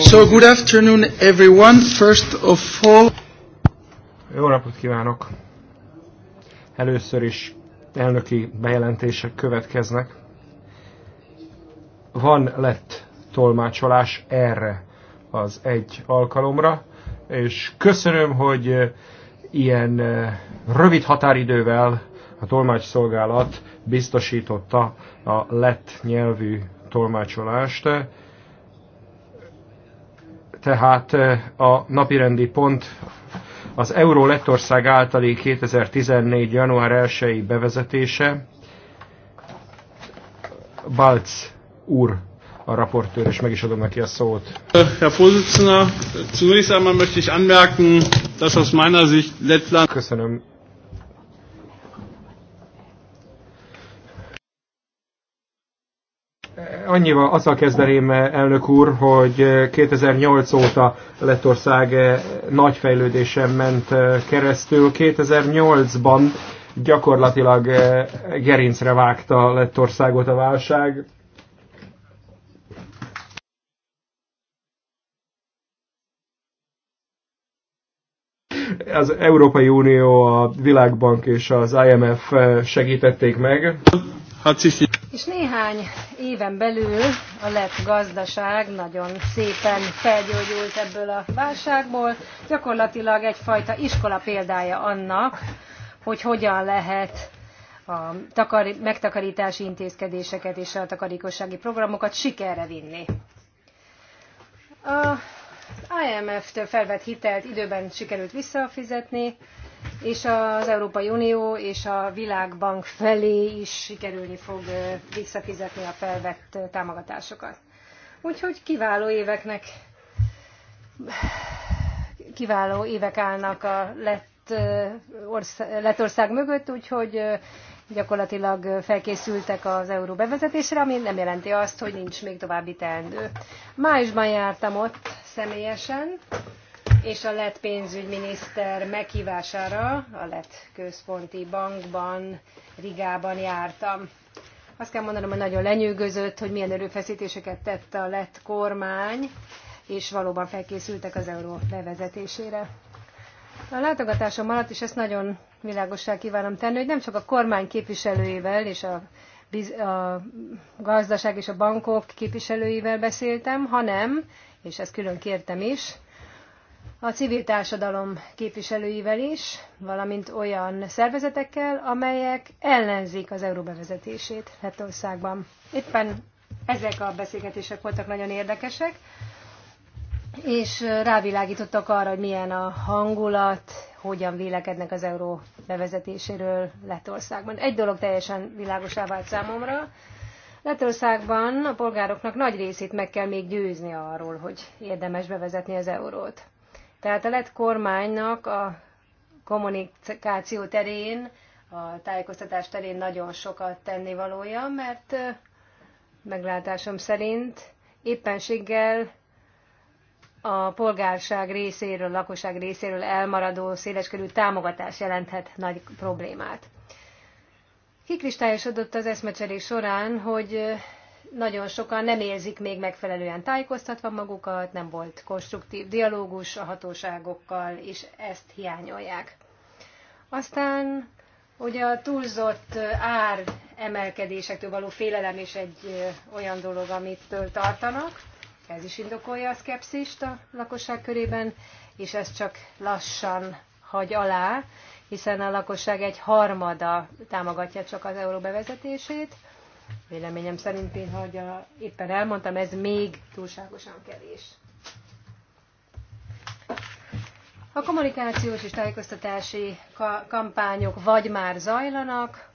So good afternoon everyone. First of all... Jó napot kívánok! Először is elnöki bejelentések következnek. Van lett tolmácsolás erre az egy alkalomra, és köszönöm, hogy eh, ilyen eh, rövid határidővel a tolmácsszolgálat biztosította a lett nyelvű tolmácsolást tehát eh, a napirendi pont az Euró Lettország általi 2014. január 1 bevezetése. Balc úr a raportőr, és meg is adom neki a szót. Äh, Herr Vorsitzender, zunächst einmal möchte ich anmerken, dass aus meiner Sicht Lettland... Köszönöm, annyival azzal kezdeném, elnök úr, hogy 2008 óta Lettország nagy fejlődésen ment keresztül. 2008-ban gyakorlatilag gerincre vágta Lettországot a válság. Az Európai Unió, a Világbank és az IMF segítették meg. Hát, és néhány éven belül a lett gazdaság nagyon szépen felgyógyult ebből a válságból. Gyakorlatilag egyfajta iskola példája annak, hogy hogyan lehet a takar- megtakarítási intézkedéseket és a takarékossági programokat sikerre vinni. A IMF-től felvett hitelt időben sikerült visszafizetni, és az Európai Unió és a Világbank felé is sikerülni fog visszafizetni a felvett támogatásokat. Úgyhogy kiváló éveknek kiváló évek állnak a lett, ország, lett ország mögött, úgyhogy gyakorlatilag felkészültek az euró bevezetésre, ami nem jelenti azt, hogy nincs még további teendő. Májusban jártam ott személyesen, és a lett pénzügyminiszter meghívására a lett központi bankban, Rigában jártam. Azt kell mondanom, hogy nagyon lenyűgözött, hogy milyen erőfeszítéseket tett a lett kormány, és valóban felkészültek az euró bevezetésére. A látogatásom alatt is ezt nagyon világossá kívánom tenni, hogy nem csak a kormány képviselőivel és a, a gazdaság és a bankok képviselőivel beszéltem, hanem, és ezt külön kértem is, a civil társadalom képviselőivel is, valamint olyan szervezetekkel, amelyek ellenzik az euró bevezetését Lettországban. Éppen ezek a beszélgetések voltak nagyon érdekesek, és rávilágítottak arra, hogy milyen a hangulat, hogyan vélekednek az euró bevezetéséről Lettországban. Egy dolog teljesen világosá vált számomra, Lettországban a polgároknak nagy részét meg kell még győzni arról, hogy érdemes bevezetni az eurót. Tehát a lett kormánynak a kommunikáció terén, a tájékoztatás terén nagyon sokat tennivalója, mert meglátásom szerint éppenséggel a polgárság részéről, lakosság részéről elmaradó széleskörű támogatás jelenthet nagy problémát. Kikristályosodott az eszmecserés során, hogy nagyon sokan nem érzik még megfelelően tájékoztatva magukat, nem volt konstruktív dialógus a hatóságokkal, és ezt hiányolják. Aztán ugye a túlzott ár emelkedésektől való félelem is egy olyan dolog, amitől tartanak. Ez is indokolja a szkepszist a lakosság körében, és ez csak lassan hagy alá, hiszen a lakosság egy harmada támogatja csak az euró bevezetését Véleményem szerint én, hogy a, éppen elmondtam, ez még túlságosan kevés. A kommunikációs és tájékoztatási kampányok vagy már zajlanak,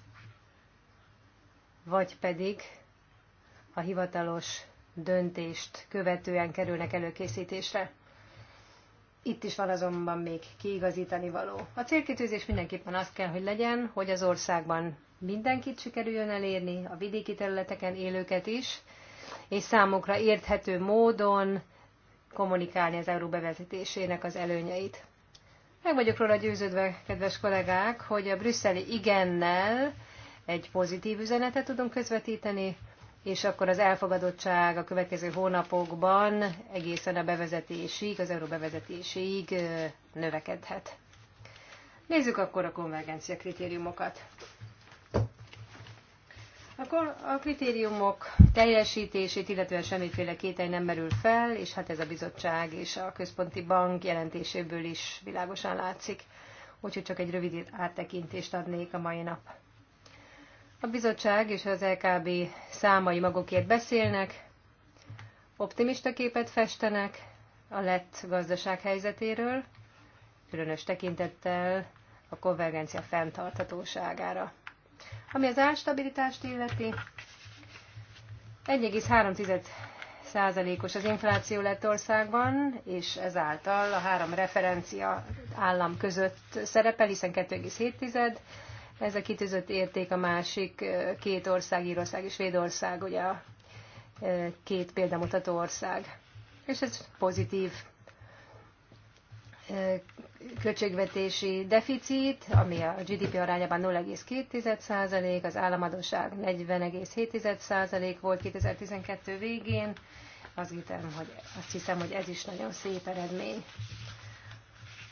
vagy pedig a hivatalos döntést követően kerülnek előkészítésre. Itt is van azonban még kiigazítani való. A célkitűzés mindenképpen az kell, hogy legyen, hogy az országban mindenkit sikerüljön elérni, a vidéki területeken élőket is, és számukra érthető módon kommunikálni az euró bevezetésének az előnyeit. Meg vagyok róla győződve, kedves kollégák, hogy a brüsszeli igennel egy pozitív üzenetet tudunk közvetíteni, és akkor az elfogadottság a következő hónapokban egészen a bevezetésig, az euró bevezetéséig növekedhet. Nézzük akkor a konvergencia kritériumokat. Akkor a kritériumok teljesítését, illetően semmiféle kétel nem merül fel, és hát ez a bizottság és a központi bank jelentéséből is világosan látszik, úgyhogy csak egy rövid áttekintést adnék a mai nap. A bizottság és az LKB számai magukért beszélnek, optimista képet festenek a lett gazdaság helyzetéről, különös tekintettel a konvergencia fenntarthatóságára. Ami az árstabilitást illeti, 1,3%-os az infláció lett országban, és ezáltal a három referencia állam között szerepel, hiszen 2,7 ez a kitűzött érték a másik két ország, Írország és Svédország, ugye a két példamutató ország. És ez pozitív költségvetési deficit, ami a GDP arányában 0,2%, az államadóság 40,7% volt 2012 végén. Azt hiszem, hogy, azt hiszem, hogy ez is nagyon szép eredmény.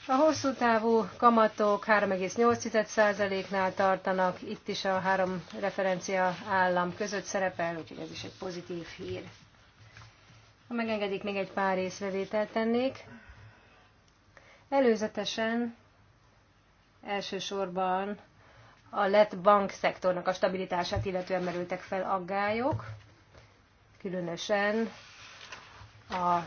A hosszú távú kamatok 3,8%-nál tartanak, itt is a három referencia állam között szerepel, úgyhogy ez is egy pozitív hír. Ha megengedik, még egy pár észrevételt tennék. Előzetesen elsősorban a lett szektornak a stabilitását illetően merültek fel aggályok, különösen a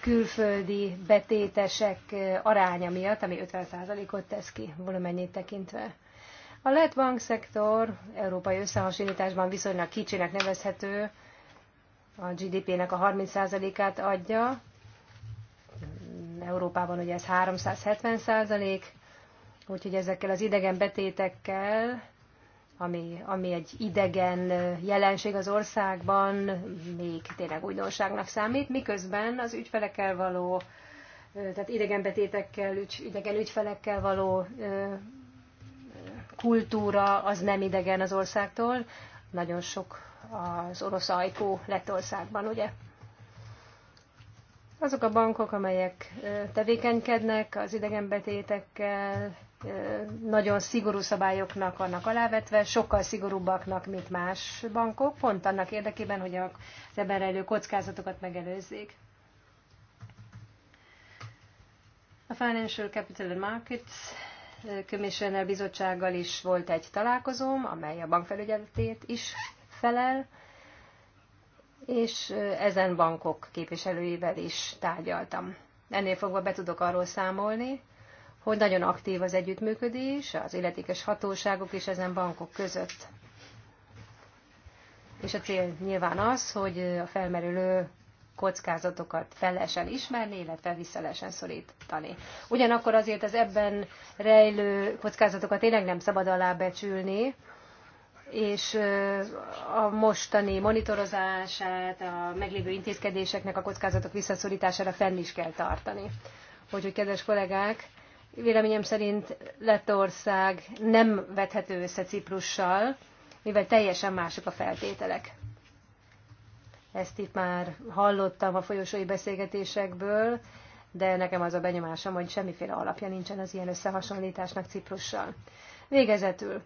külföldi betétesek aránya miatt, ami 50%-ot tesz ki valamennyit tekintve. A lett szektor európai összehasonlításban viszonylag kicsinek nevezhető, a GDP-nek a 30%-át adja, Európában ugye ez 370 százalék, úgyhogy ezekkel az idegen betétekkel, ami, ami egy idegen jelenség az országban, még tényleg újdonságnak számít, miközben az ügyfelekkel való, tehát idegen betétekkel, ügy, idegen ügyfelekkel való kultúra az nem idegen az országtól. Nagyon sok az orosz ajkó lett országban, ugye? Azok a bankok, amelyek tevékenykednek az idegenbetétekkel, nagyon szigorú szabályoknak vannak alávetve, sokkal szigorúbbaknak, mint más bankok, pont annak érdekében, hogy az ebben rejlő kockázatokat megelőzzék. A Financial Capital Markets Commissioner bizottsággal is volt egy találkozóm, amely a bankfelügyeletét is felel, és ezen bankok képviselőivel is tárgyaltam. Ennél fogva be tudok arról számolni, hogy nagyon aktív az együttműködés az illetékes hatóságok is ezen bankok között. És a cél nyilván az, hogy a felmerülő kockázatokat fel lehessen ismerni, illetve vissza lehessen szorítani. Ugyanakkor azért az ebben rejlő kockázatokat tényleg nem szabad alábecsülni, és a mostani monitorozását, a meglévő intézkedéseknek a kockázatok visszaszorítására fenn is kell tartani. Úgyhogy, kedves kollégák, véleményem szerint Lettország nem vethető össze Ciprussal, mivel teljesen mások a feltételek. Ezt itt már hallottam a folyosói beszélgetésekből, de nekem az a benyomásom, hogy semmiféle alapja nincsen az ilyen összehasonlításnak Ciprussal. Végezetül,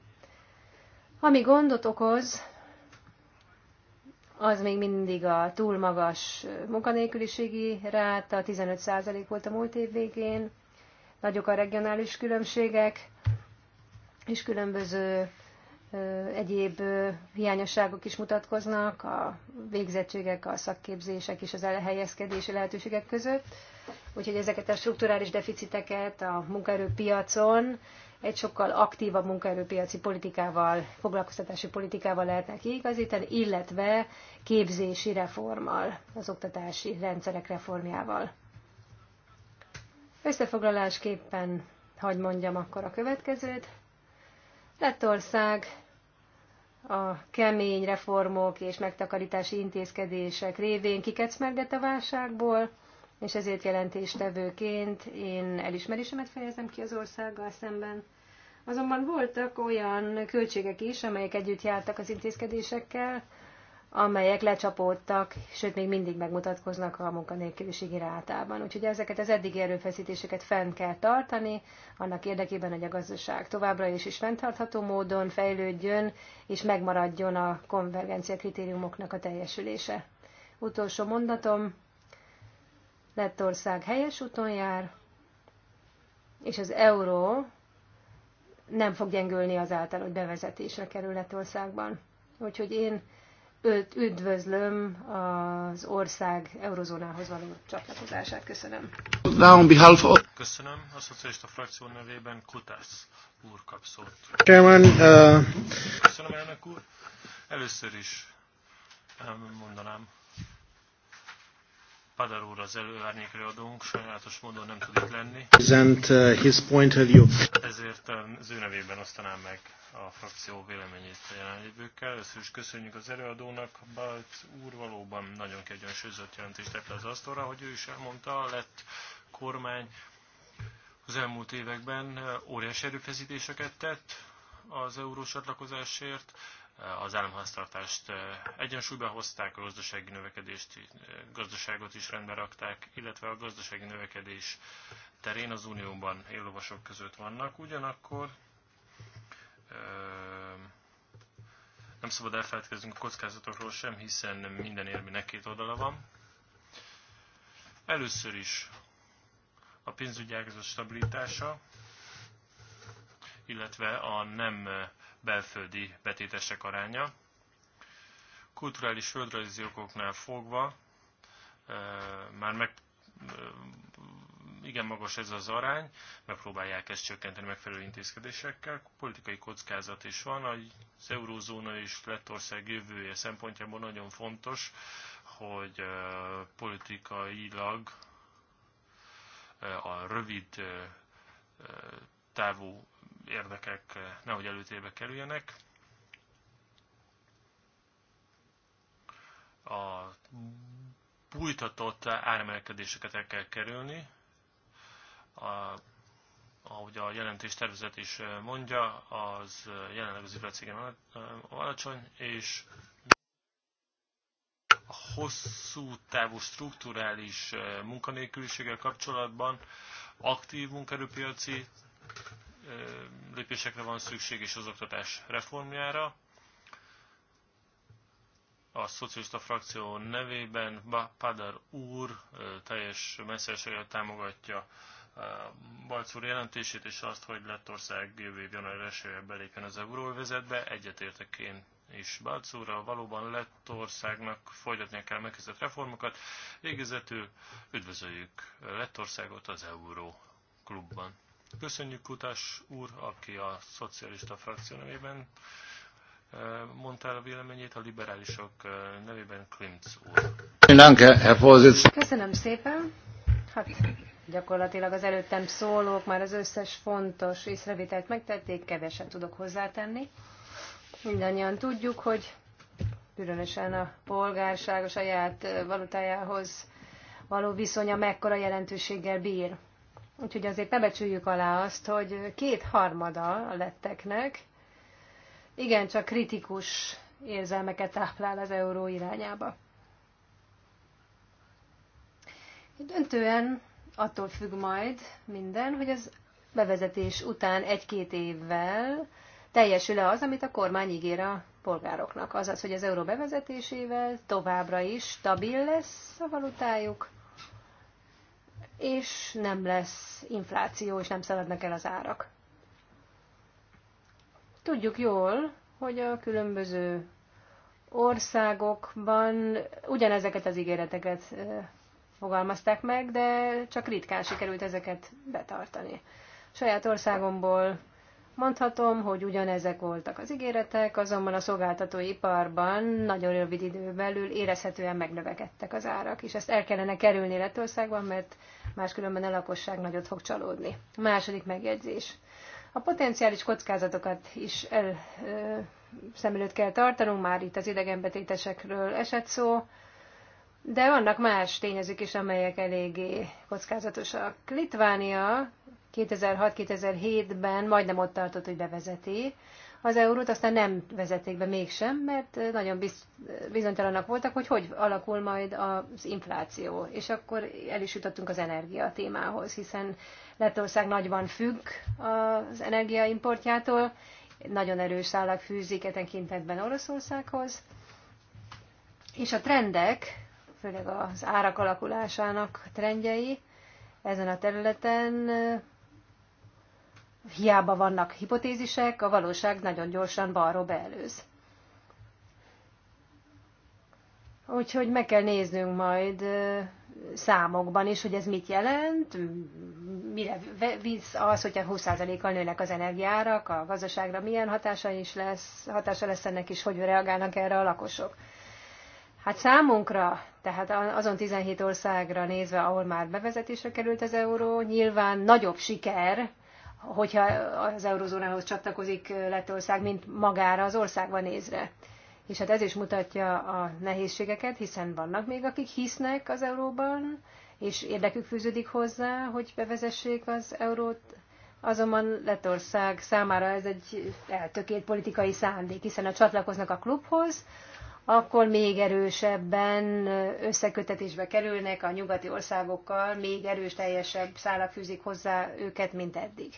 ami gondot okoz, az még mindig a túl magas munkanélküliségi ráta, 15% volt a múlt év végén, nagyok a regionális különbségek, és különböző egyéb hiányosságok is mutatkoznak, a végzettségek, a szakképzések és az elhelyezkedési lehetőségek között. Úgyhogy ezeket a strukturális deficiteket a munkaerőpiacon egy sokkal aktívabb munkaerőpiaci politikával, foglalkoztatási politikával lehetne kiigazítani, illetve képzési reformmal, az oktatási rendszerek reformjával. Összefoglalásképpen hagy mondjam akkor a következőt. Lettország a kemény reformok és megtakarítási intézkedések révén kikecmergett a válságból, és ezért jelentéstevőként én elismerésemet fejezem ki az országgal szemben. Azonban voltak olyan költségek is, amelyek együtt jártak az intézkedésekkel, amelyek lecsapódtak, sőt még mindig megmutatkoznak a munkanélküliségi rátában. Úgyhogy ezeket az eddigi erőfeszítéseket fenn kell tartani, annak érdekében, hogy a gazdaság továbbra is is fenntartható módon fejlődjön, és megmaradjon a konvergencia kritériumoknak a teljesülése. Utolsó mondatom, Lettország helyes úton jár, és az euró nem fog gyengülni azáltal, hogy bevezetésre kerül Lettországban. Úgyhogy én őt üdvözlöm az ország eurozónához való csatlakozását. Köszönöm. Köszönöm. A szocialista frakció nevében Kutász úr kap szót. Uh, Köszönöm, elnök úr. Először is um, mondanám, Padar úr az előárnyékre adónk, sajnálatos módon nem tud lenni. Present, uh, his point of view. Ezért um, az ő nevében osztanám meg a frakció véleményét a jelenlévőkkel. Először is köszönjük az előadónak, Balc úr valóban nagyon kegyensőzött jelentést tett le az asztalra, hogy ő is elmondta, a lett kormány az elmúlt években uh, óriási erőfeszítéseket tett az eurós csatlakozásért, az államháztartást egyensúlyba hozták, a gazdasági növekedést, gazdaságot is rendbe rakták, illetve a gazdasági növekedés terén az unióban éllovasok között vannak. Ugyanakkor nem szabad elfeledkeznünk a kockázatokról sem, hiszen minden érmének két oldala van. Először is a pénzügyi ágazat stabilitása, illetve a nem belföldi betétesek aránya. Kulturális földrajzi okoknál fogva már meg igen magas ez az arány, megpróbálják ezt csökkenteni megfelelő intézkedésekkel. Politikai kockázat is van, az eurózóna és Lettország jövője szempontjából nagyon fontos, hogy politikailag a rövid távú érdekek eh, nehogy előtérbe kerüljenek. A bújtatott áremelkedéseket el kell kerülni. A, ahogy a jelentés tervezet is eh, mondja, az eh, jelenleg az üvegcégen alacsony, és a hosszú távú strukturális munkanélküliséggel kapcsolatban aktív munkerőpiaci lépésekre van szükség, és az oktatás reformjára. A szocialista frakció nevében Padar úr teljes messzeséggel támogatja Balc úr jelentését, és azt, hogy Lettország jövő év január 1 belépjen az euróvezetbe. Egyetértek én is Balc Valóban Lettországnak folytatnia kell megkezdett reformokat. Végezetül üdvözöljük Lettországot az Euró klubban. Köszönjük Kutás úr, aki a szocialista frakció nevében eh, mondta el a véleményét, a liberálisok eh, nevében Klimc úr. Köszönöm szépen. Hát gyakorlatilag az előttem szólók már az összes fontos észrevételt megtették, keveset tudok hozzátenni. Mindannyian tudjuk, hogy különösen a polgárság a saját eh, valutájához való viszonya mekkora jelentőséggel bír. Úgyhogy azért ne becsüljük alá azt, hogy két harmada a letteknek igencsak kritikus érzelmeket táplál az euró irányába. Döntően attól függ majd minden, hogy az bevezetés után egy-két évvel teljesül-e az, amit a kormány ígér a polgároknak. Azaz, hogy az euró bevezetésével továbbra is stabil lesz a valutájuk, és nem lesz infláció, és nem szaladnak el az árak. Tudjuk jól, hogy a különböző országokban ugyanezeket az ígéreteket fogalmazták meg, de csak ritkán sikerült ezeket betartani. Saját országomból Mondhatom, hogy ugyanezek voltak az ígéretek, azonban a szolgáltató iparban nagyon rövid idő belül érezhetően megnövekedtek az árak, és ezt el kellene kerülni Lettországban, mert máskülönben a lakosság nagyot fog csalódni. A második megjegyzés. A potenciális kockázatokat is el, ö, szem előtt kell tartanunk, már itt az idegenbetétesekről esett szó, de vannak más tényezők is, amelyek eléggé kockázatosak. Litvánia 2006-2007-ben majdnem ott tartott, hogy bevezeti az eurót, aztán nem vezették be mégsem, mert nagyon bizonytalanak voltak, hogy hogy alakul majd az infláció. És akkor el is jutottunk az energia témához, hiszen Lettország nagyban függ az energiaimportjától, nagyon erős szállag fűzik etenkintetben Oroszországhoz, és a trendek, főleg az árak alakulásának trendjei ezen a területen hiába vannak hipotézisek, a valóság nagyon gyorsan balról beelőz. Úgyhogy meg kell néznünk majd számokban is, hogy ez mit jelent, mire visz az, hogyha 20%-kal nőnek az energiárak, a gazdaságra milyen hatása is lesz, hatása lesz ennek is, hogy reagálnak erre a lakosok. Hát számunkra, tehát azon 17 országra nézve, ahol már bevezetésre került az euró, nyilván nagyobb siker, hogyha az eurozónához csatlakozik Lettország, mint magára az országban nézve. És hát ez is mutatja a nehézségeket, hiszen vannak még, akik hisznek az euróban, és érdekük fűződik hozzá, hogy bevezessék az eurót. Azonban Lettország számára ez egy eltökélt politikai szándék, hiszen ha csatlakoznak a klubhoz, akkor még erősebben összekötetésbe kerülnek a nyugati országokkal, még erős teljesebb szálak fűzik hozzá őket, mint eddig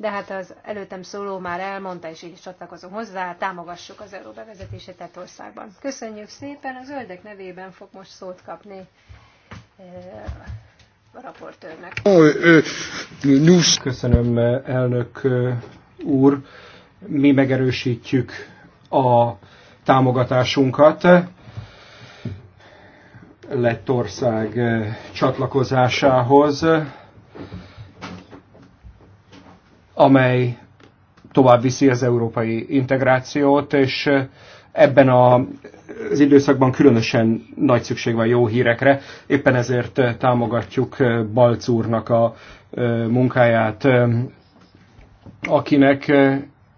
de hát az előttem szóló már elmondta, és így csatlakozom hozzá, támogassuk az euró bevezetését országban. Köszönjük szépen, a zöldek nevében fog most szót kapni eh, a raportőrnek. Köszönöm, elnök úr. Mi megerősítjük a támogatásunkat Lettország csatlakozásához amely tovább viszi az európai integrációt, és ebben a, az időszakban különösen nagy szükség van jó hírekre. Éppen ezért támogatjuk Balc úrnak a munkáját, akinek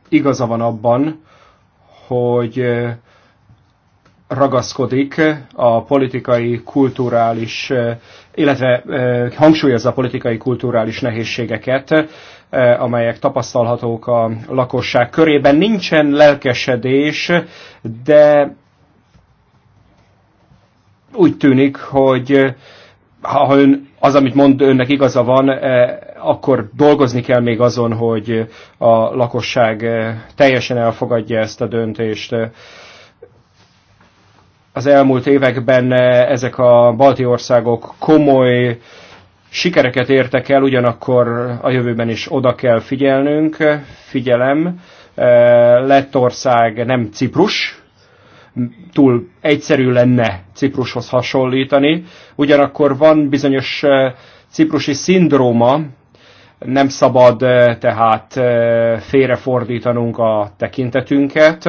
igaza van abban, hogy ragaszkodik a politikai, kulturális, illetve hangsúlyozza a politikai, kulturális nehézségeket, Eh, amelyek tapasztalhatók a lakosság körében. Nincsen lelkesedés, de úgy tűnik, hogy eh, ha ön, az, amit mond, önnek igaza van, eh, akkor dolgozni kell még azon, hogy a lakosság teljesen elfogadja ezt a döntést. Az elmúlt években ezek a balti országok komoly sikereket értek el, ugyanakkor a jövőben is oda kell figyelnünk. Figyelem, e, Lettország nem Ciprus, túl egyszerű lenne Ciprushoz hasonlítani. Ugyanakkor van bizonyos e, ciprusi szindróma, nem szabad e, tehát félrefordítanunk a tekintetünket.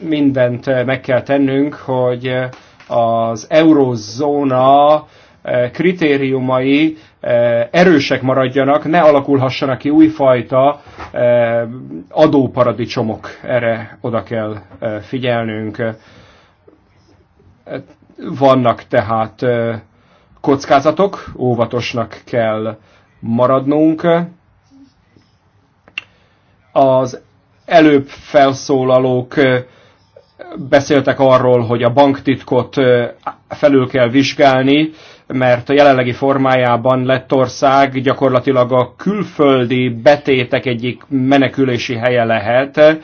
mindent eh, meg kell tennünk, hogy eh, az eurozóna eh, kritériumai erősek maradjanak, ne alakulhassanak ki újfajta adóparadicsomok. Erre oda kell figyelnünk. Vannak tehát kockázatok, óvatosnak kell maradnunk. Az előbb felszólalók Beszéltek arról, hogy a banktitkot felül kell vizsgálni, mert a jelenlegi formájában Lettország gyakorlatilag a külföldi betétek egyik menekülési helye lehet,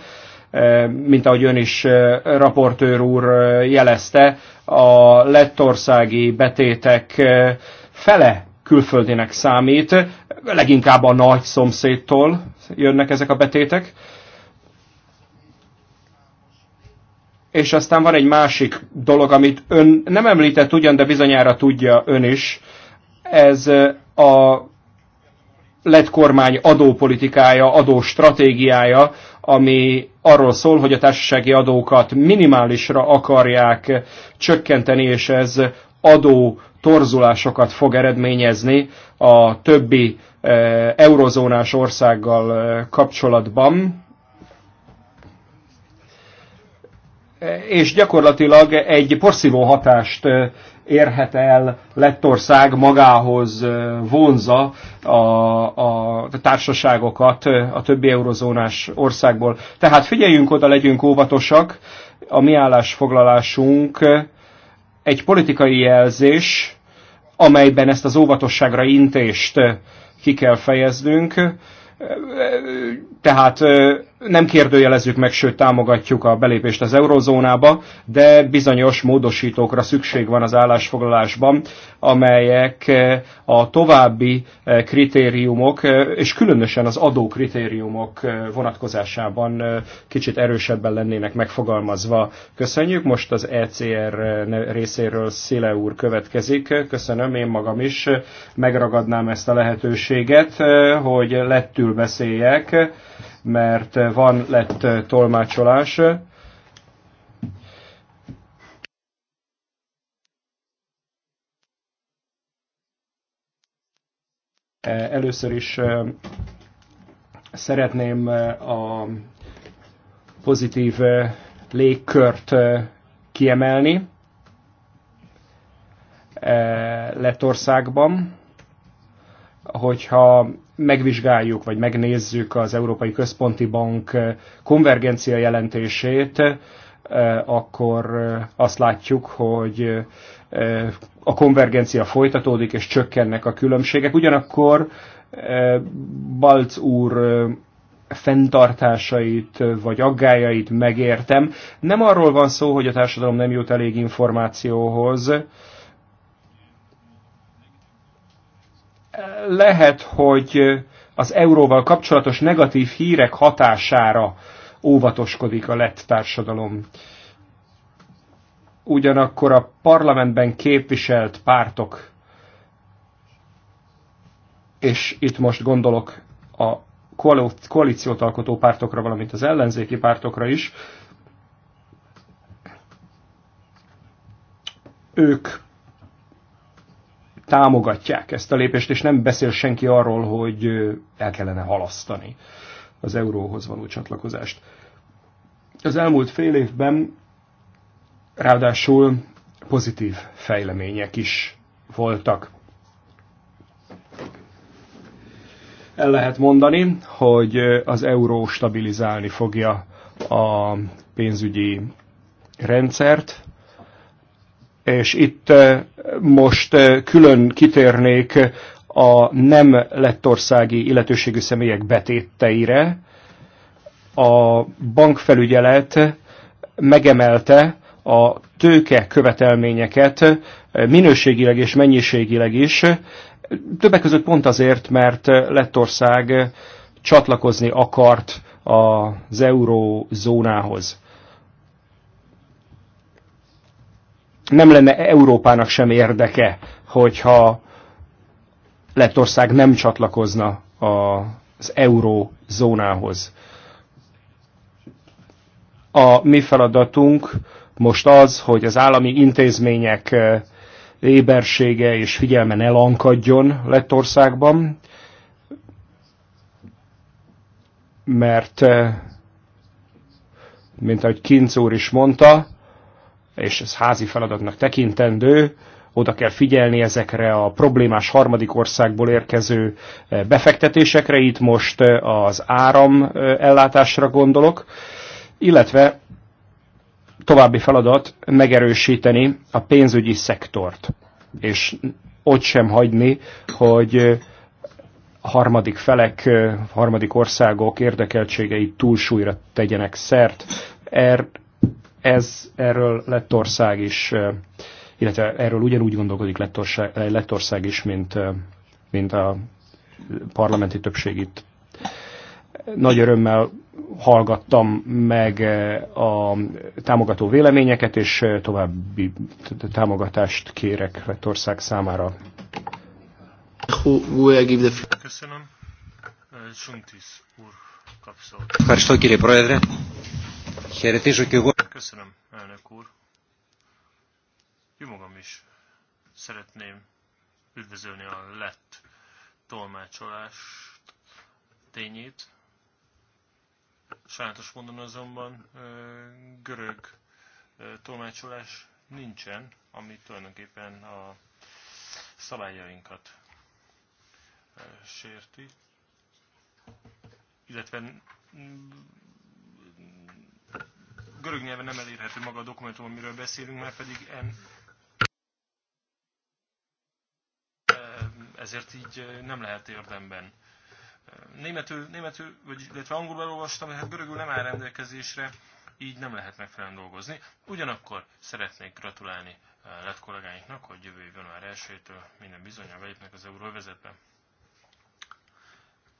mint ahogy ön is raportőr úr jelezte, a lettországi betétek fele külföldinek számít, leginkább a nagy szomszédtól jönnek ezek a betétek. És aztán van egy másik dolog, amit ön nem említett ugyan, de bizonyára tudja ön is. Ez a lett kormány adópolitikája, adóstratégiája, ami arról szól, hogy a társasági adókat minimálisra akarják csökkenteni, és ez adó torzulásokat fog eredményezni a többi eurozónás országgal kapcsolatban. és gyakorlatilag egy porszívó hatást érhet el Lettország magához vonza a, a társaságokat a többi eurozónás országból. Tehát figyeljünk oda, legyünk óvatosak, a mi állásfoglalásunk egy politikai jelzés, amelyben ezt az óvatosságra intést ki kell fejeznünk, tehát nem kérdőjelezzük meg, sőt támogatjuk a belépést az eurozónába, de bizonyos módosítókra szükség van az állásfoglalásban, amelyek eh, a további eh, kritériumok, eh, és különösen az adó kritériumok vonatkozásában kicsit erősebben lennének megfogalmazva. Köszönjük, most az ECR részéről Szile úr következik. Köszönöm, én magam is megragadnám ezt a lehetőséget, hogy lettül beszéljek mert van lett eh, tolmácsolás. Eh, először is eh, szeretném a pozitív légkört kiemelni Lettországban hogyha megvizsgáljuk vagy megnézzük az Európai Központi Bank konvergencia jelentését, eh, akkor eh, azt látjuk, hogy eh, a konvergencia folytatódik és csökkennek a különbségek. Ugyanakkor Balc úr fenntartásait vagy aggájait megértem. Nem arról van szó, hogy a társadalom nem jut elég információhoz, lehet, hogy az euróval kapcsolatos negatív hírek hatására óvatoskodik a lett társadalom. Ugyanakkor a parlamentben képviselt pártok, és itt most gondolok a koalíciót alkotó pártokra, valamint az ellenzéki pártokra is, ők támogatják ezt a lépést, és nem beszél senki arról, hogy el kellene halasztani az euróhoz való csatlakozást. Az elmúlt fél évben ráadásul pozitív fejlemények is voltak. El lehet mondani, hogy az euró stabilizálni fogja a pénzügyi rendszert, és itt eh, most eh, külön kitérnék a nem lettországi illetőségű személyek betéteire. A bankfelügyelet megemelte a tőke követelményeket eh, minőségileg és mennyiségileg is, többek között pont azért, mert Lettország csatlakozni akart az eurózónához. nem lenne Európának sem érdeke, hogyha Lettország nem csatlakozna az eurózónához. A mi feladatunk most az, hogy az állami intézmények eh, ébersége és figyelme ne lankadjon Lettországban, mert eh, mint ahogy Kincz úr is mondta, és ez házi feladatnak tekintendő, oda kell figyelni ezekre a problémás harmadik országból érkező eh, befektetésekre, itt most eh, az áram eh, ellátásra gondolok, illetve további feladat megerősíteni a pénzügyi szektort, és ott sem hagyni, hogy harmadik felek, harmadik országok érdekeltségei túlsúlyra tegyenek szert. Er, ez erről Lettország is, illetve erről ugyanúgy gondolkodik Lettország, Lettország is, mint, mint a parlamenti többség itt. Nagy örömmel hallgattam meg a támogató véleményeket, és további támogatást kérek Lettország számára. Köszönöm. Suntis úr kapszol. Köszönöm, kérje Hieretések εγώ. Köszönöm, elnök úr. Jó magam is szeretném üdvözölni a lett tolmácsolás tényét. Sajnálatos mondom azonban görög tolmácsolás nincsen, ami tulajdonképpen a szabályainkat sérti, illetve görög nyelven nem elérhető maga a dokumentum, amiről beszélünk, mert pedig en, ezért így eh, nem lehet érdemben. Németül, németül vagy, illetve angolul elolvastam, de hát görögül nem áll rendelkezésre, így nem lehet megfelelően dolgozni. Ugyanakkor szeretnék gratulálni eh, lett kollégáinknak, hogy jövő évben már elsőtől minden bizonyal belépnek az euróvezetbe.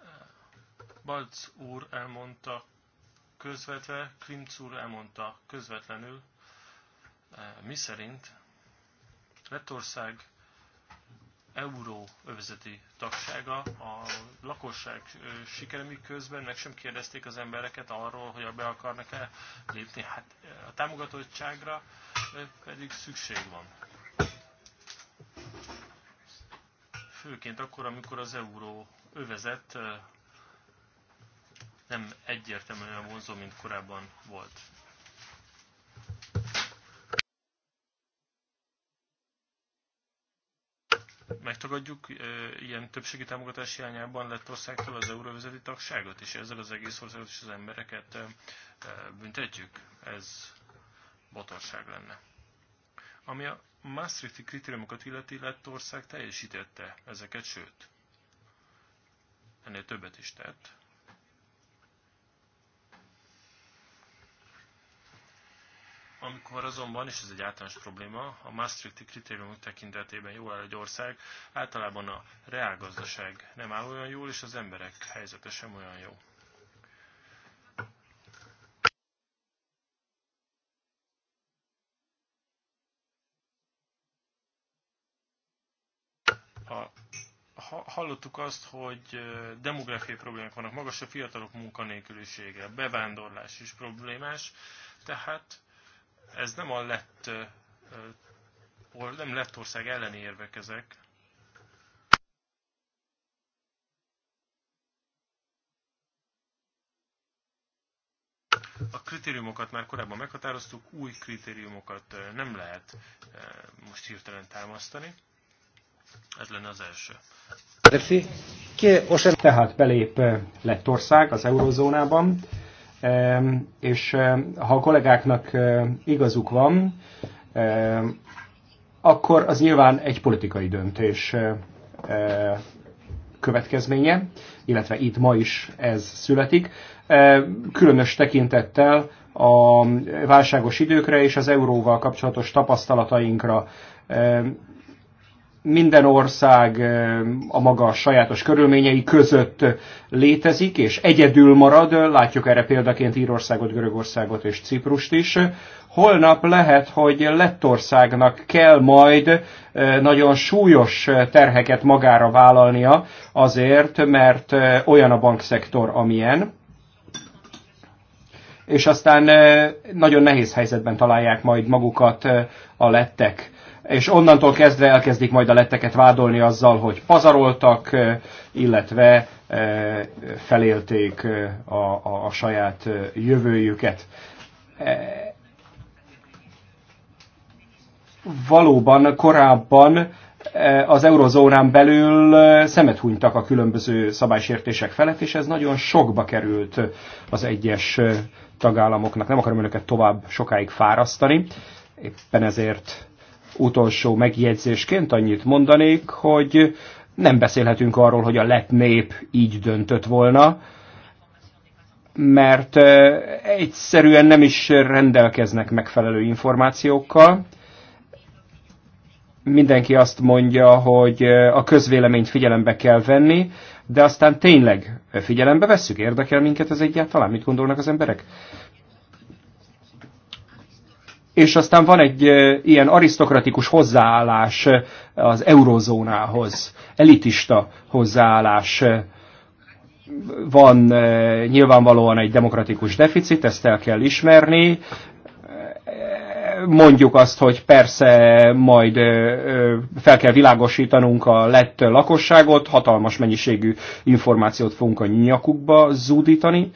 Eh, Balc úr elmondta közvetve, Klimcúr elmondta közvetlenül, eh, mi szerint Lettország euró övezeti tagsága, a lakosság eh, sikere közben meg sem kérdezték az embereket arról, hogy be akarnak-e lépni. Hát eh, a támogatottságra pedig szükség van. Főként akkor, amikor az euró övezet nem egyértelműen vonzó, mint korábban volt. Megtagadjuk ilyen többségi támogatás hiányában országtól az euróvezeti tagságot, és ezzel az egész országot és az embereket büntetjük. Ez botorság lenne. Ami a Maastrichti kritériumokat illeti, Lettország teljesítette ezeket, sőt, ennél többet is tett. Amikor azonban, és ez egy általános probléma, a Maastrichti kritériumok tekintetében jól áll egy ország, általában a reálgazdaság nem áll olyan jól, és az emberek helyzete sem olyan jó. A, ha, hallottuk azt, hogy demográfiai problémák vannak, magas a fiatalok munkanélkülisége, bevándorlás is problémás, tehát ez nem a lett, nem Lettország elleni érvek ezek. A kritériumokat már korábban meghatároztuk, új kritériumokat nem lehet most hirtelen támasztani. Ez lenne az első. Tehát belép Lettország az eurozónában, és ha a kollégáknak igazuk van, akkor az nyilván egy politikai döntés következménye, illetve itt ma is ez születik, különös tekintettel a válságos időkre és az euróval kapcsolatos tapasztalatainkra minden ország a maga sajátos körülményei között létezik, és egyedül marad, látjuk erre példaként Írországot, Görögországot és Ciprust is. Holnap lehet, hogy Lettországnak kell majd nagyon súlyos terheket magára vállalnia azért, mert olyan a bankszektor, amilyen, és aztán nagyon nehéz helyzetben találják majd magukat a lettek és onnantól kezdve elkezdik majd a letteket vádolni azzal, hogy pazaroltak, illetve felélték a, a, a saját jövőjüket. Valóban korábban az eurozónán belül szemet hunytak a különböző szabálysértések felett, és ez nagyon sokba került az egyes tagállamoknak. Nem akarom önöket tovább sokáig fárasztani, éppen ezért utolsó megjegyzésként annyit mondanék, hogy nem beszélhetünk arról, hogy a lett nép így döntött volna, mert egyszerűen nem is rendelkeznek megfelelő információkkal. Mindenki azt mondja, hogy a közvéleményt figyelembe kell venni, de aztán tényleg figyelembe vesszük, érdekel minket ez egyáltalán, mit gondolnak az emberek? és aztán van egy ilyen arisztokratikus hozzáállás az eurozónához, elitista hozzáállás. Van nyilvánvalóan egy demokratikus deficit, ezt el kell ismerni. Mondjuk azt, hogy persze majd fel kell világosítanunk a lett lakosságot, hatalmas mennyiségű információt fogunk a nyakukba zúdítani,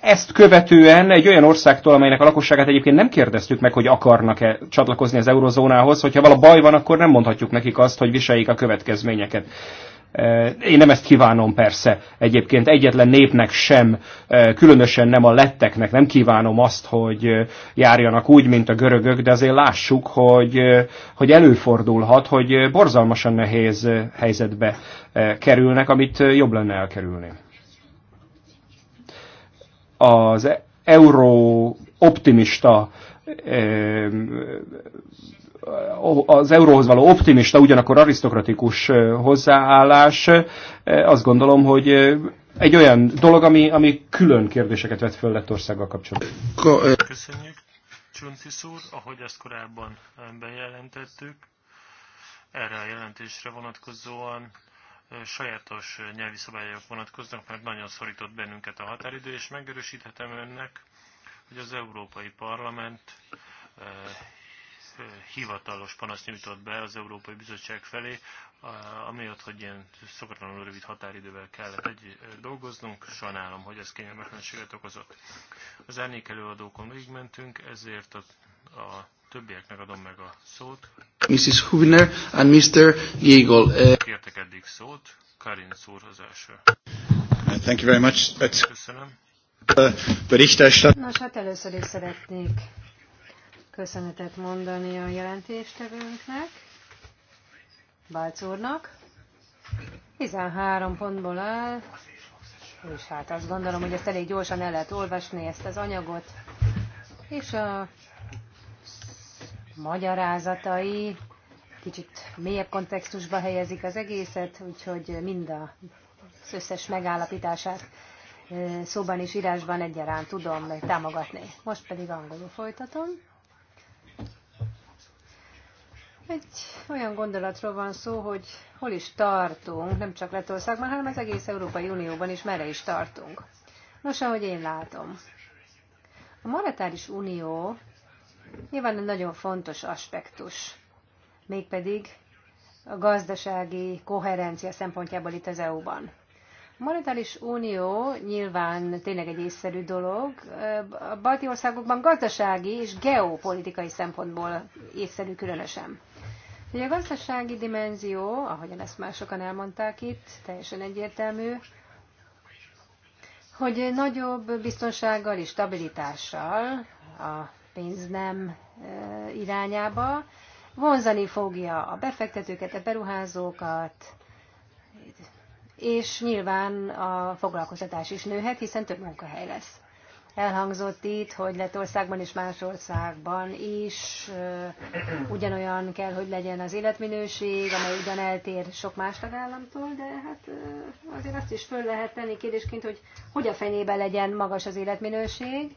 Ezt követően egy olyan országtól, amelynek a lakosságát egyébként nem kérdeztük meg, hogy akarnak-e csatlakozni az eurozónához, hogyha vala baj van, akkor nem mondhatjuk nekik azt, hogy viseljék a következményeket. Én nem ezt kívánom persze egyébként egyetlen népnek sem, különösen nem a letteknek, nem kívánom azt, hogy járjanak úgy, mint a görögök, de azért lássuk, hogy, hogy előfordulhat, hogy borzalmasan nehéz helyzetbe kerülnek, amit jobb lenne elkerülni az euró optimista az euróhoz való optimista, ugyanakkor arisztokratikus hozzáállás, azt gondolom, hogy egy olyan dolog, ami, ami külön kérdéseket vet föl Lettországgal kapcsolatban. Köszönjük. Csuntis úr, ahogy ezt korábban bejelentettük, erre a jelentésre vonatkozóan sajátos nyelvi szabályok vonatkoznak, mert nagyon szorított bennünket a határidő, és megerősíthetem önnek, hogy az Európai Parlament eh, hivatalos panaszt nyújtott be az Európai Bizottság felé, eh, amiatt, hogy ilyen szokatlanul rövid határidővel kellett egy eh, dolgoznunk, sajnálom, hogy ez kényelmetlenséget okozott. Az árnyék előadókon végigmentünk, ezért a, a többieknek adom meg a szót. Mrs. Hubner and Mr. Giegel. Eh. Kértek eddig szót. Karin szúr az első. Thank you very much. That's... Köszönöm. Nos, hát először is szeretnék köszönetet mondani a jelentéstevőnknek, Balc úrnak. 13 pontból áll, és hát azt gondolom, hogy ezt elég gyorsan el lehet olvasni, ezt az anyagot. És a magyarázatai kicsit mélyebb kontextusba helyezik az egészet, úgyhogy mind az összes megállapítását szóban és írásban egyaránt tudom támogatni. Most pedig angolul folytatom. Egy olyan gondolatról van szó, hogy hol is tartunk, nem csak Lettországban, hanem az egész Európai Unióban is merre is tartunk. Nos, ahogy én látom. A monetáris unió nyilván egy nagyon fontos aspektus, mégpedig a gazdasági koherencia szempontjából itt az EU-ban. A monetáris unió nyilván tényleg egy észszerű dolog. A balti országokban gazdasági és geopolitikai szempontból észszerű különösen. Ugye a gazdasági dimenzió, ahogyan ezt már sokan elmondták itt, teljesen egyértelmű, hogy nagyobb biztonsággal és stabilitással a pénz nem irányába, vonzani fogja a befektetőket, a beruházókat, és nyilván a foglalkoztatás is nőhet, hiszen több munkahely lesz. Elhangzott itt, hogy Lettországban és más országban is ugyanolyan kell, hogy legyen az életminőség, amely ugyan eltér sok más tagállamtól, de hát azért azt is föl lehet tenni kérdésként, hogy hogy a fenébe legyen magas az életminőség,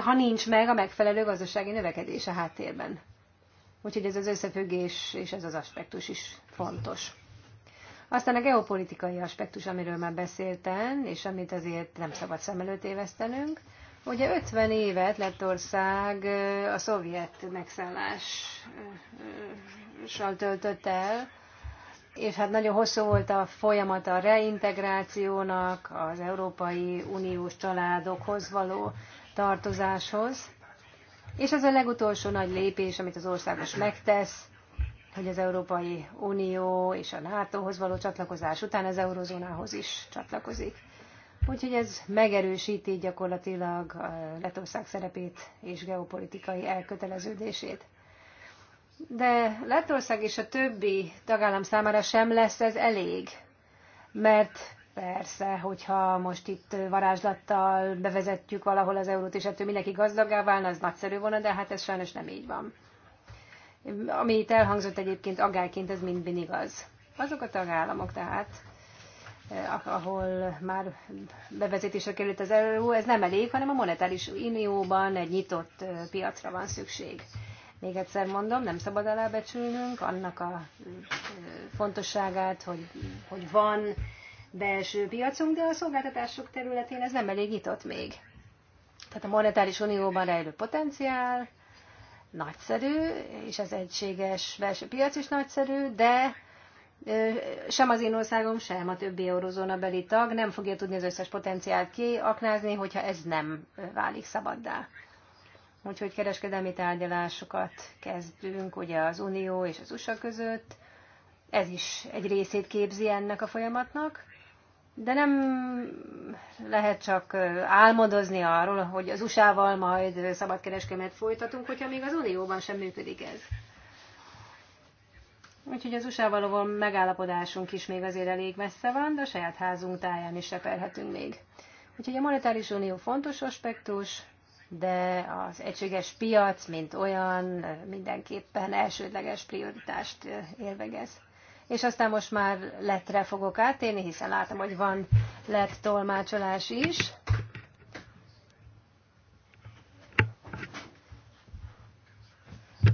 ha nincs meg a megfelelő gazdasági növekedés a háttérben. Úgyhogy ez az összefüggés és ez az aspektus is fontos. Aztán a geopolitikai aspektus, amiről már beszéltem, és amit azért nem szabad szem előtt évesztenünk. Ugye 50 évet Lettország a szovjet megszállással töltött el, és hát nagyon hosszú volt a folyamat a reintegrációnak, az Európai Uniós családokhoz való tartozáshoz, és ez a legutolsó nagy lépés, amit az országos megtesz, hogy az Európai Unió és a NATO-hoz való csatlakozás után az eurozónához is csatlakozik. Úgyhogy ez megerősíti gyakorlatilag Letország szerepét és geopolitikai elköteleződését. De Lettország és a többi tagállam számára sem lesz ez elég, mert Persze, hogyha most itt varázslattal bevezetjük valahol az eurót, és ettől mindenki gazdagá válna, az nagyszerű volna, de hát ez sajnos nem így van. Ami itt elhangzott egyébként agályként, ez mind igaz. Azok a tagállamok tehát, eh, ahol már bevezetésre került az euró, ez nem elég, hanem a monetáris unióban egy nyitott eh, piacra van szükség. Még egyszer mondom, nem szabad alábecsülnünk annak a eh, fontosságát, hogy, hogy van belső piacunk, de a szolgáltatások területén ez nem elég nyitott még. Tehát a monetáris unióban rejlő potenciál nagyszerű, és az egységes belső piac is nagyszerű, de sem az én országom, sem a többi eurozóna beli tag nem fogja tudni az összes potenciált kiaknázni, hogyha ez nem válik szabaddá. Úgyhogy kereskedelmi tárgyalásokat kezdünk ugye az Unió és az USA között. Ez is egy részét képzi ennek a folyamatnak. De nem lehet csak álmodozni arról, hogy az USA-val majd szabadkereskedelmet folytatunk, hogyha még az Unióban sem működik ez. Úgyhogy az USA-val való megállapodásunk is még azért elég messze van, de a saját házunk táján is seperhetünk még. Úgyhogy a monetáris unió fontos aspektus, de az egységes piac, mint olyan, mindenképpen elsődleges prioritást élvegez és aztán most már letre fogok áttérni, hiszen látom, hogy van lett tolmácsolás is.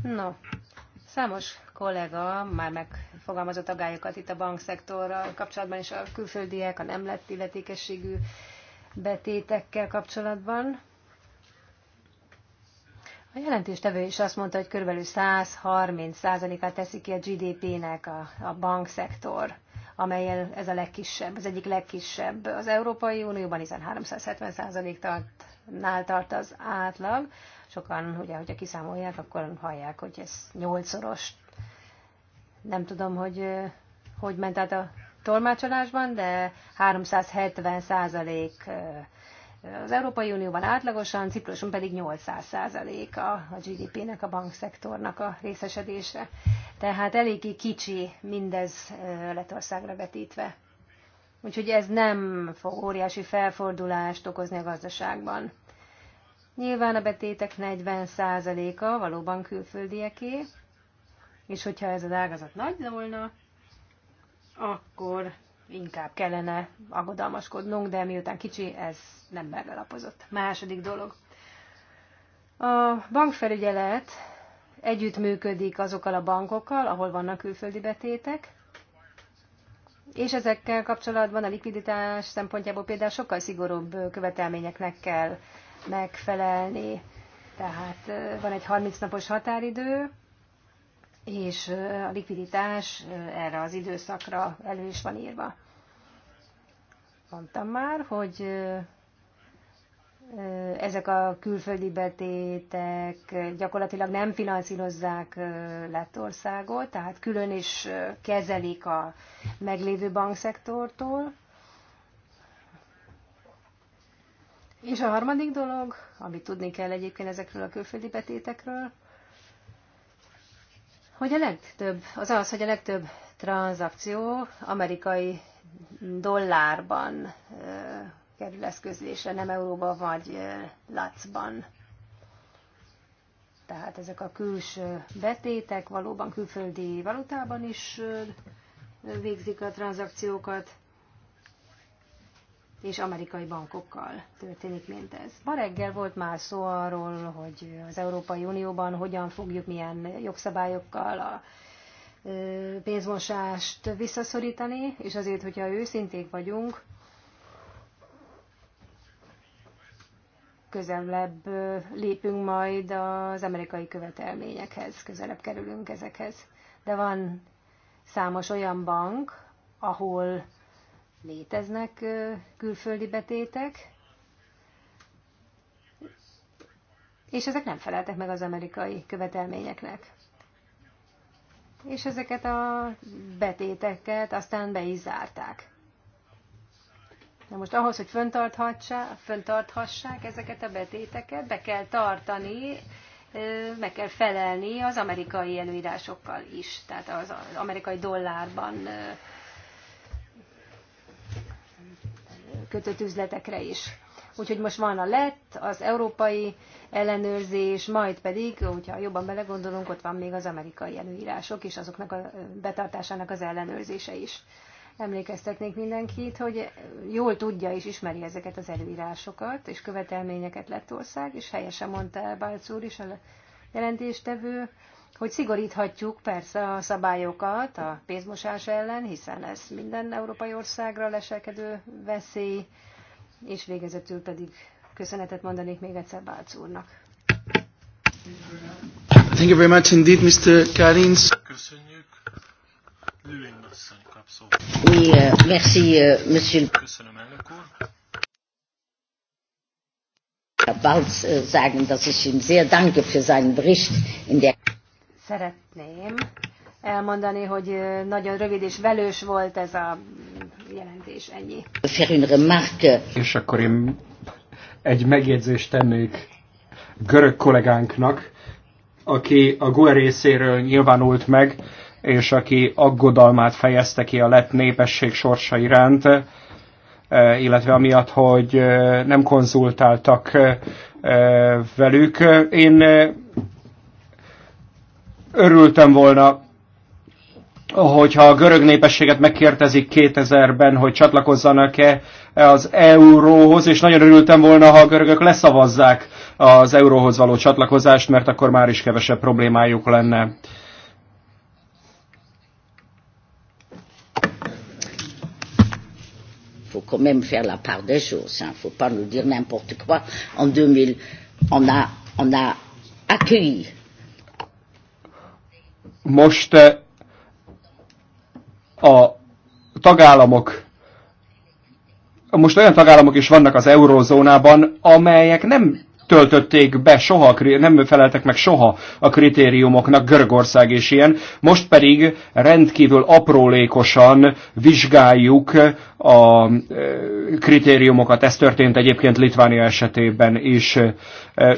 No, számos kollega már megfogalmazott agályokat itt a bankszektorral kapcsolatban, és a külföldiek, a nem lett illetékességű betétekkel kapcsolatban. A jelentéstevő is azt mondta, hogy kb. 130%-át teszi ki a GDP-nek a, a bankszektor, amelyen ez a legkisebb, az egyik legkisebb az Európai Unióban, hiszen 370%-nál tart az átlag. Sokan, ugye, hogyha kiszámolják, akkor hallják, hogy ez 8-szoros. Nem tudom, hogy hogy ment át a tolmácsolásban, de 370 az Európai Unióban átlagosan, Cipruson pedig 800 a, a GDP-nek, a bankszektornak a részesedése. Tehát eléggé kicsi mindez Letországra vetítve. Úgyhogy ez nem fog óriási felfordulást okozni a gazdaságban. Nyilván a betétek 40%-a valóban külföldieké, és hogyha ez az ágazat nagy volna, akkor inkább kellene aggodalmaskodnunk, de miután kicsi, ez nem belelapozott. Második dolog. A bankfelügyelet együttműködik azokkal a bankokkal, ahol vannak külföldi betétek, és ezekkel kapcsolatban a likviditás szempontjából például sokkal szigorúbb követelményeknek kell megfelelni. Tehát van egy 30 napos határidő, és a likviditás erre az időszakra elő is van írva. Mondtam már, hogy ezek a külföldi betétek gyakorlatilag nem finanszírozzák Lettországot, tehát külön is kezelik a meglévő bankszektortól. És a harmadik dolog, amit tudni kell egyébként ezekről a külföldi betétekről, hogy a legtöbb, az az, hogy a legtöbb tranzakció amerikai dollárban kerül eszközlésre, nem euróban vagy lacban. Tehát ezek a külső betétek valóban külföldi valutában is végzik a tranzakciókat, és amerikai bankokkal történik mindez. Ma reggel volt már szó arról, hogy az Európai Unióban hogyan fogjuk milyen jogszabályokkal a pénzmosást visszaszorítani, és azért, hogyha őszinték vagyunk, közelebb lépünk majd az amerikai követelményekhez, közelebb kerülünk ezekhez. De van számos olyan bank, ahol léteznek külföldi betétek, és ezek nem feleltek meg az amerikai követelményeknek. És ezeket a betéteket aztán be is zárták. Na most ahhoz, hogy föntarthassák ezeket a betéteket, be kell tartani, meg kell felelni az amerikai előírásokkal is, tehát az, az amerikai dollárban kötött üzletekre is. Úgyhogy most van a lett, az európai ellenőrzés, majd pedig, hogyha jobban belegondolunk, ott van még az amerikai előírások és azoknak a betartásának az ellenőrzése is. Emlékeztetnék mindenkit, hogy jól tudja és ismeri ezeket az előírásokat és követelményeket Lettország, és helyesen mondta el is a jelentéstevő, hogy szigoríthatjuk persze a szabályokat a pénzmosás ellen, hiszen ez minden európai országra leselkedő veszély, és végezetül pedig köszönetet mondanék még egyszer Bálc úrnak. Thank you very much indeed, Mr. Karins. Köszönjük. Lüling asszony kap szót. Oui, euh, merci, euh, monsieur. Köszönöm, elnök úr. Herr euh, Balz sagen, dass ich ihm sehr danke für seinen Bericht in der szeretném elmondani, hogy nagyon rövid és velős volt ez a jelentés, ennyi. És akkor én egy megjegyzést tennék görög kollégánknak, aki a GUE részéről nyilvánult meg, és aki aggodalmát fejezte ki a lett népesség sorsa iránt, illetve amiatt, hogy nem konzultáltak velük. Én örültem volna, hogyha a görög népességet megkérdezik 2000-ben, hogy csatlakozzanak-e az euróhoz, és nagyon örültem volna, ha a görögök leszavazzák az euróhoz való csatlakozást, mert akkor már is kevesebb problémájuk lenne. faut quand même faire la part des choses. Il ne faut pas nous dire n'importe quoi. En 2000, on a, on a accueilli most eh, a tagállamok most olyan tagállamok is vannak az eurozónában, amelyek nem töltötték be soha, nem feleltek meg soha a kritériumoknak, Görögország és ilyen. Most pedig rendkívül aprólékosan vizsgáljuk a eh, kritériumokat. Ez történt egyébként Litvánia esetében is. Eh,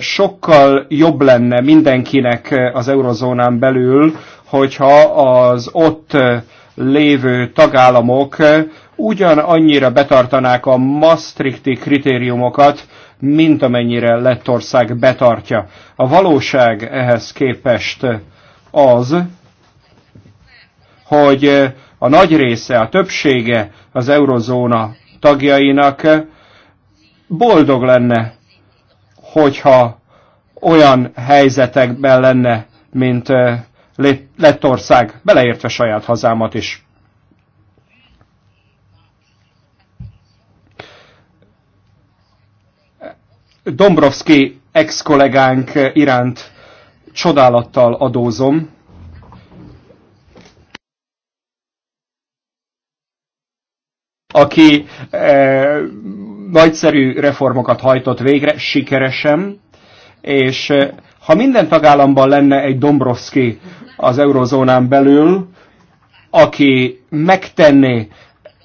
sokkal jobb lenne mindenkinek az eurozónán belül, hogyha az ott lévő tagállamok ugyanannyira betartanák a Maastrichti kritériumokat, mint amennyire Lettország betartja. A valóság ehhez képest az, hogy a nagy része, a többsége az eurozóna tagjainak boldog lenne, hogyha olyan helyzetekben lenne, mint Lettország, beleértve saját hazámat is. Dombrovski ex-kollégánk iránt csodálattal adózom. aki e, nagyszerű reformokat hajtott végre, sikeresen, és e, ha minden tagállamban lenne egy Dombrovski az eurozónán belül, aki megtenné,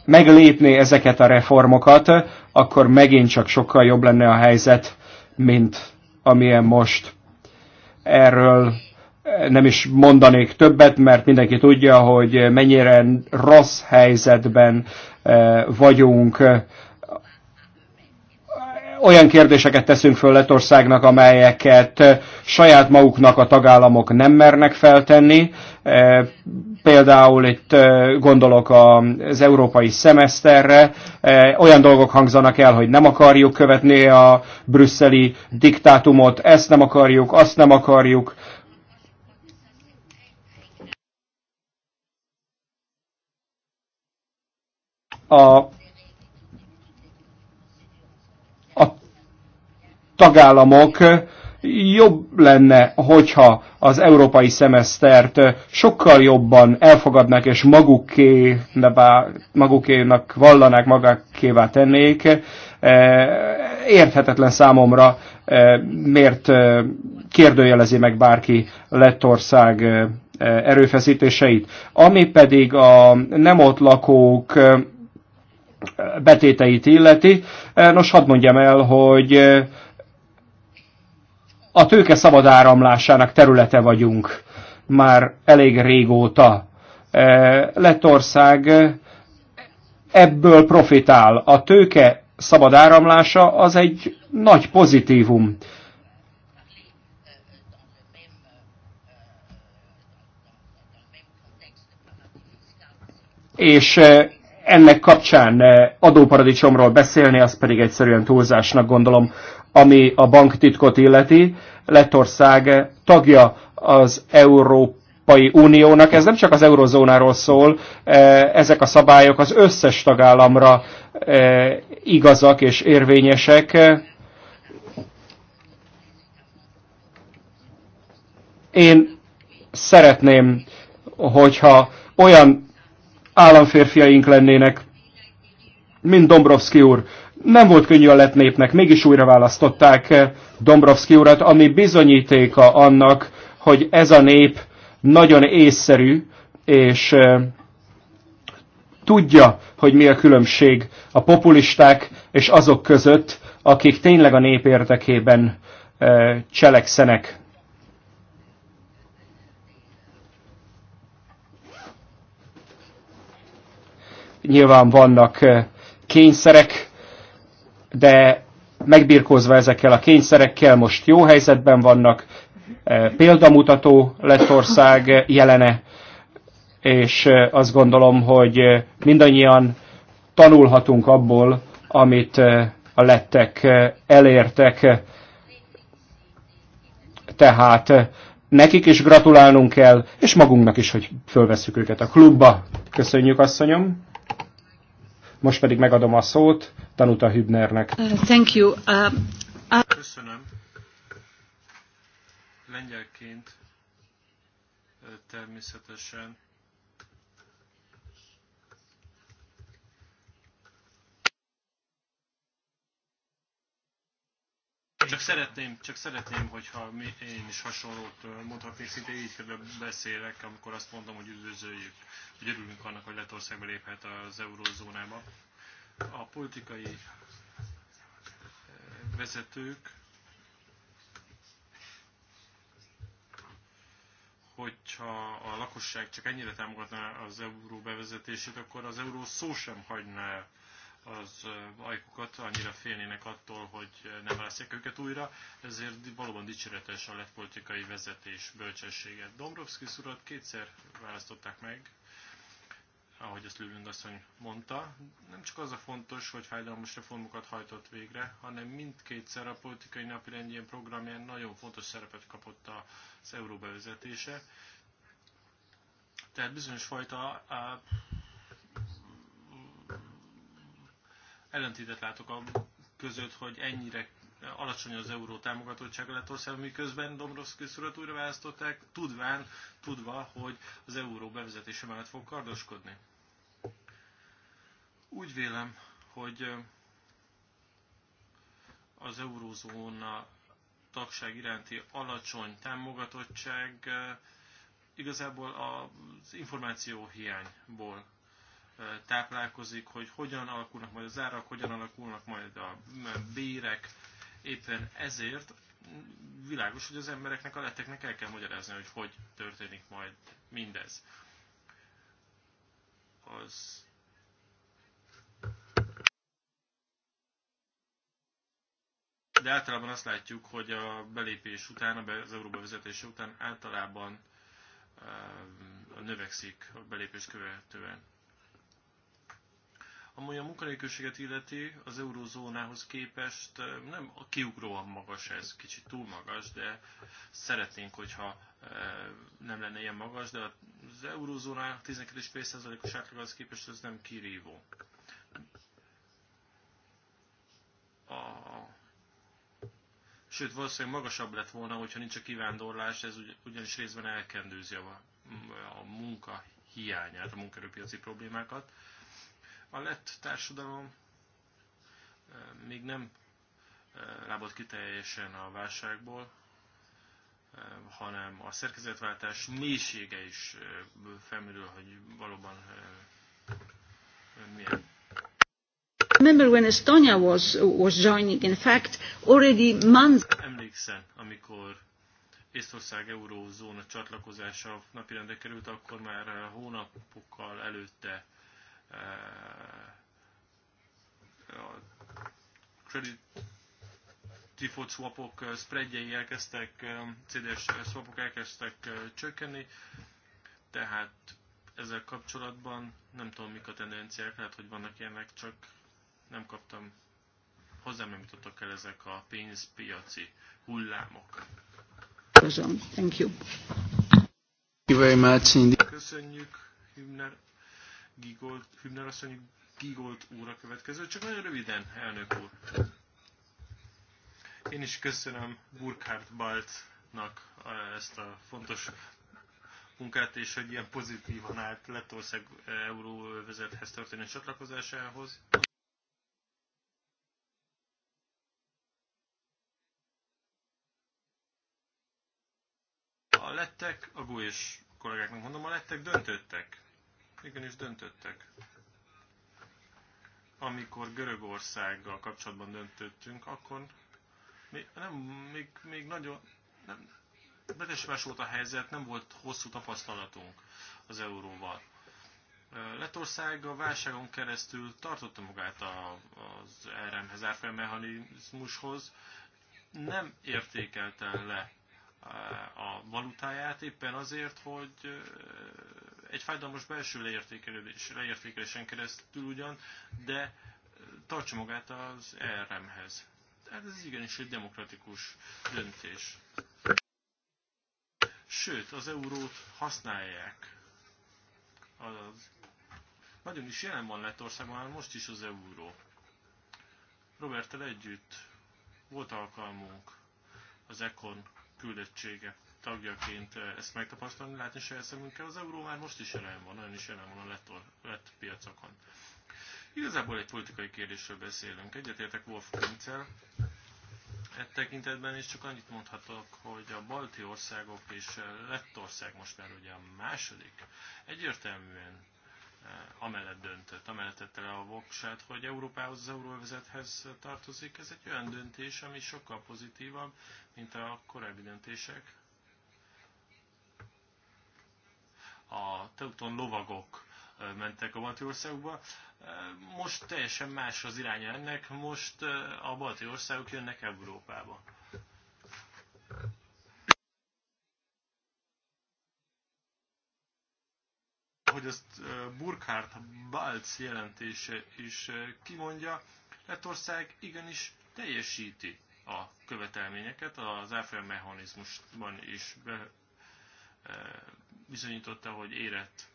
meglépné ezeket a reformokat, akkor megint csak sokkal jobb lenne a helyzet, mint amilyen most. Erről nem is mondanék többet, mert mindenki tudja, hogy mennyire rossz helyzetben eh, vagyunk olyan kérdéseket teszünk föl Letországnak, amelyeket saját maguknak a tagállamok nem mernek feltenni. Például itt gondolok az európai szemeszterre, olyan dolgok hangzanak el, hogy nem akarjuk követni a brüsszeli diktátumot, ezt nem akarjuk, azt nem akarjuk. A tagállamok jobb lenne, hogyha az európai szemesztert sokkal jobban elfogadnák és maguké, magukénak vallanák, magákévá tennék. E, érthetetlen számomra, e, miért e, kérdőjelezi meg bárki Lettország erőfeszítéseit. Ami pedig a nem ott lakók betéteit illeti, nos hadd mondjam el, hogy a tőke szabad áramlásának területe vagyunk már elég régóta. E, Lettország ebből profitál. A tőke szabad áramlása az egy nagy pozitívum. És e, ennek kapcsán e, adóparadicsomról beszélni, az pedig egyszerűen túlzásnak gondolom ami a banktitkot illeti. Lettország tagja az Európa Európai Uniónak. Ez nem csak az eurozónáról szól, e, ezek a szabályok az összes tagállamra e, igazak és érvényesek. Én szeretném, hogyha olyan államférfiaink lennének, mint Dombrovski úr, nem volt könnyű a lett népnek, mégis újra választották eh, Dombrovski urat, ami bizonyítéka annak, hogy ez a nép nagyon észszerű, és eh, tudja, hogy mi a különbség a populisták és azok között, akik tényleg a nép érdekében eh, cselekszenek. Nyilván vannak kényszerek, de megbirkózva ezekkel a kényszerekkel most jó helyzetben vannak, e, példamutató Lettország jelene, és e, azt gondolom, hogy e, mindannyian tanulhatunk abból, amit a lettek elértek. Tehát nekik is gratulálnunk kell, és magunknak is, hogy fölveszük őket a klubba. Köszönjük, asszonyom! Most pedig megadom a szót Tanuta Hübnernek. Uh, thank you. Uh, uh... Köszönöm. Lengyelként uh, természetesen Csak szeretném, csak szeretném, hogyha én is hasonlót mondhatnék, szinte így beszélek, amikor azt mondom, hogy üdvözöljük, hogy örülünk annak, hogy Lettország beléphet az eurózónába. A politikai vezetők, hogyha a lakosság csak ennyire támogatná az euró bevezetését, akkor az euró szó sem hagyná el az ajkukat, annyira félnének attól, hogy nem veszik őket újra, ezért valóban dicséretes a lett politikai vezetés bölcsességet. Dombrovskis szurat kétszer választották meg, ahogy ezt Lülünk asszony mondta, nem csak az a fontos, hogy fájdalmas reformokat hajtott végre, hanem mindkétszer a politikai napirendjén programján nagyon fontos szerepet kapott az euró bevezetése. Tehát bizonyos fajta ellentétet látok a között, hogy ennyire alacsony az euró támogatottsága ország, miközben Dombrovszki urat újra választották, tudván, tudva, hogy az euró bevezetése mellett fog kardoskodni. Úgy vélem, hogy az eurózóna tagság iránti alacsony támogatottság igazából az információ hiányból táplálkozik, hogy hogyan alakulnak majd az árak, hogyan alakulnak majd a bérek. Éppen ezért világos, hogy az embereknek, a letteknek el kell magyarázni, hogy hogy történik majd mindez. Az de általában azt látjuk, hogy a belépés után, az Európa vezetése után általában növekszik a belépés követően Amúgy a munkanélküliséget illeti az eurozónához képest nem a kiugróan magas ez, kicsit túl magas, de szeretnénk, hogyha nem lenne ilyen magas, de az eurozóna 12,5%-os átlagához képest ez nem kirívó. A Sőt, valószínűleg magasabb lett volna, hogyha nincs a kivándorlás, ez ugyanis részben elkendőzi a, a munka hiányát, a munkerőpiaci problémákat. A lett társadalom még nem lábott ki teljesen a válságból, hanem a szerkezetváltás mélysége is felmerül, hogy valóban milyen. Remember when Estonia was, was joining, in fact, already months... Emlékszem, amikor Észtország eurózóna csatlakozása napirendre került, akkor már hónapokkal előtte Eh, credit default swapok eh, spreadjei elkezdtek, eh, CDS swapok elkezdtek csökkenni, tehát ezzel kapcsolatban nem tudom mik a tendenciák, lehet, hogy vannak ilyenek, csak nem kaptam, hozzám nem jutottak el ezek a pénzpiaci hullámok. Köszönöm. Thank you. Thank you very much. Köszönjük, Hübner Gigold, Hübner asszony, Gigold úr a következő. Csak nagyon röviden, elnök úr. Én is köszönöm Burkhard Baltnak eh, ezt a fontos munkát, és hogy ilyen pozitívan állt Lettország eh, euróvezethez történő csatlakozásához. A lettek, a GU és kollégáknak mondom, a lettek döntöttek igenis döntöttek. Amikor Görögországgal kapcsolatban döntöttünk, akkor még, nem, még, még nagyon, nem, betesvás volt a helyzet, nem volt hosszú tapasztalatunk az euróval. Letország a válságon keresztül tartotta magát a, az RM-hez, árfolyam mechanizmushoz, nem értékelte le a valutáját éppen azért, hogy egy fájdalmas belső leértékelés, leértékelésen keresztül ugyan, de eh, tartsa magát az ERM-hez. Tehát ez igenis egy demokratikus döntés. Sőt, az eurót használják. Az nagyon is jelen van Lettországban, már most is az euró. Roberttel együtt volt alkalmunk az Econ küldettsége tagjaként eh, ezt megtapasztalni, látni saját szemünkkel. Az euró már most is jelen van, nagyon is jelen van a lett, lett piacokon. Igazából egy politikai kérdésről beszélünk. Egyetértek Wolf Kincel. E tekintetben is csak annyit mondhatok, hogy a balti országok és Lettország most már ugye a második egyértelműen eh, amellett döntött, amellett tette le a voksát, hogy Európához, az euróvezethez tartozik. Ez egy olyan döntés, ami sokkal pozitívabb, mint a korábbi döntések. a teuton lovagok mentek a balti országokba. Most teljesen más az iránya ennek, most a balti országok jönnek Európába. hogy ezt Burkhardt Balc jelentése is kimondja, Lettország igenis teljesíti a követelményeket, az árfolyam mechanizmusban is be, Eh, bizonyította, hogy érett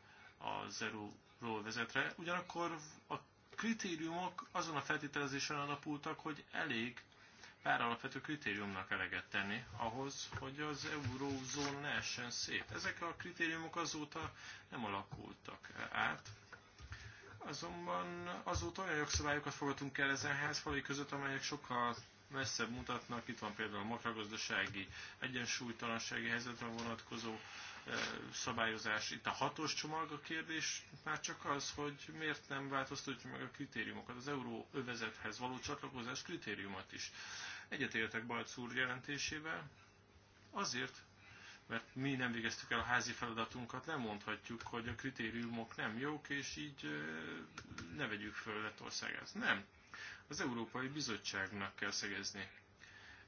zero euróról vezetre. Ugyanakkor a kritériumok azon a feltételezésen alapultak, hogy elég pár alapvető kritériumnak eleget tenni ahhoz, hogy az eurózóna ne essen szét. Ezek a kritériumok azóta nem alakultak át. Azonban azóta olyan jogszabályokat fogadtunk el ezen házfalai között, amelyek sokkal messzebb mutatnak. Itt van például a makragazdasági egyensúlytalansági helyzetre vonatkozó eh, szabályozás. Itt a hatos csomag a kérdés már csak az, hogy miért nem változtatjuk meg a kritériumokat, az euróövezethez való csatlakozás kritériumot is. Egyetértek Balc úr jelentésével, azért, mert mi nem végeztük el a házi feladatunkat, nem mondhatjuk, hogy a kritériumok nem jók, és így eh, ne vegyük föl Lettországát. Nem, az Európai Bizottságnak kell szegezni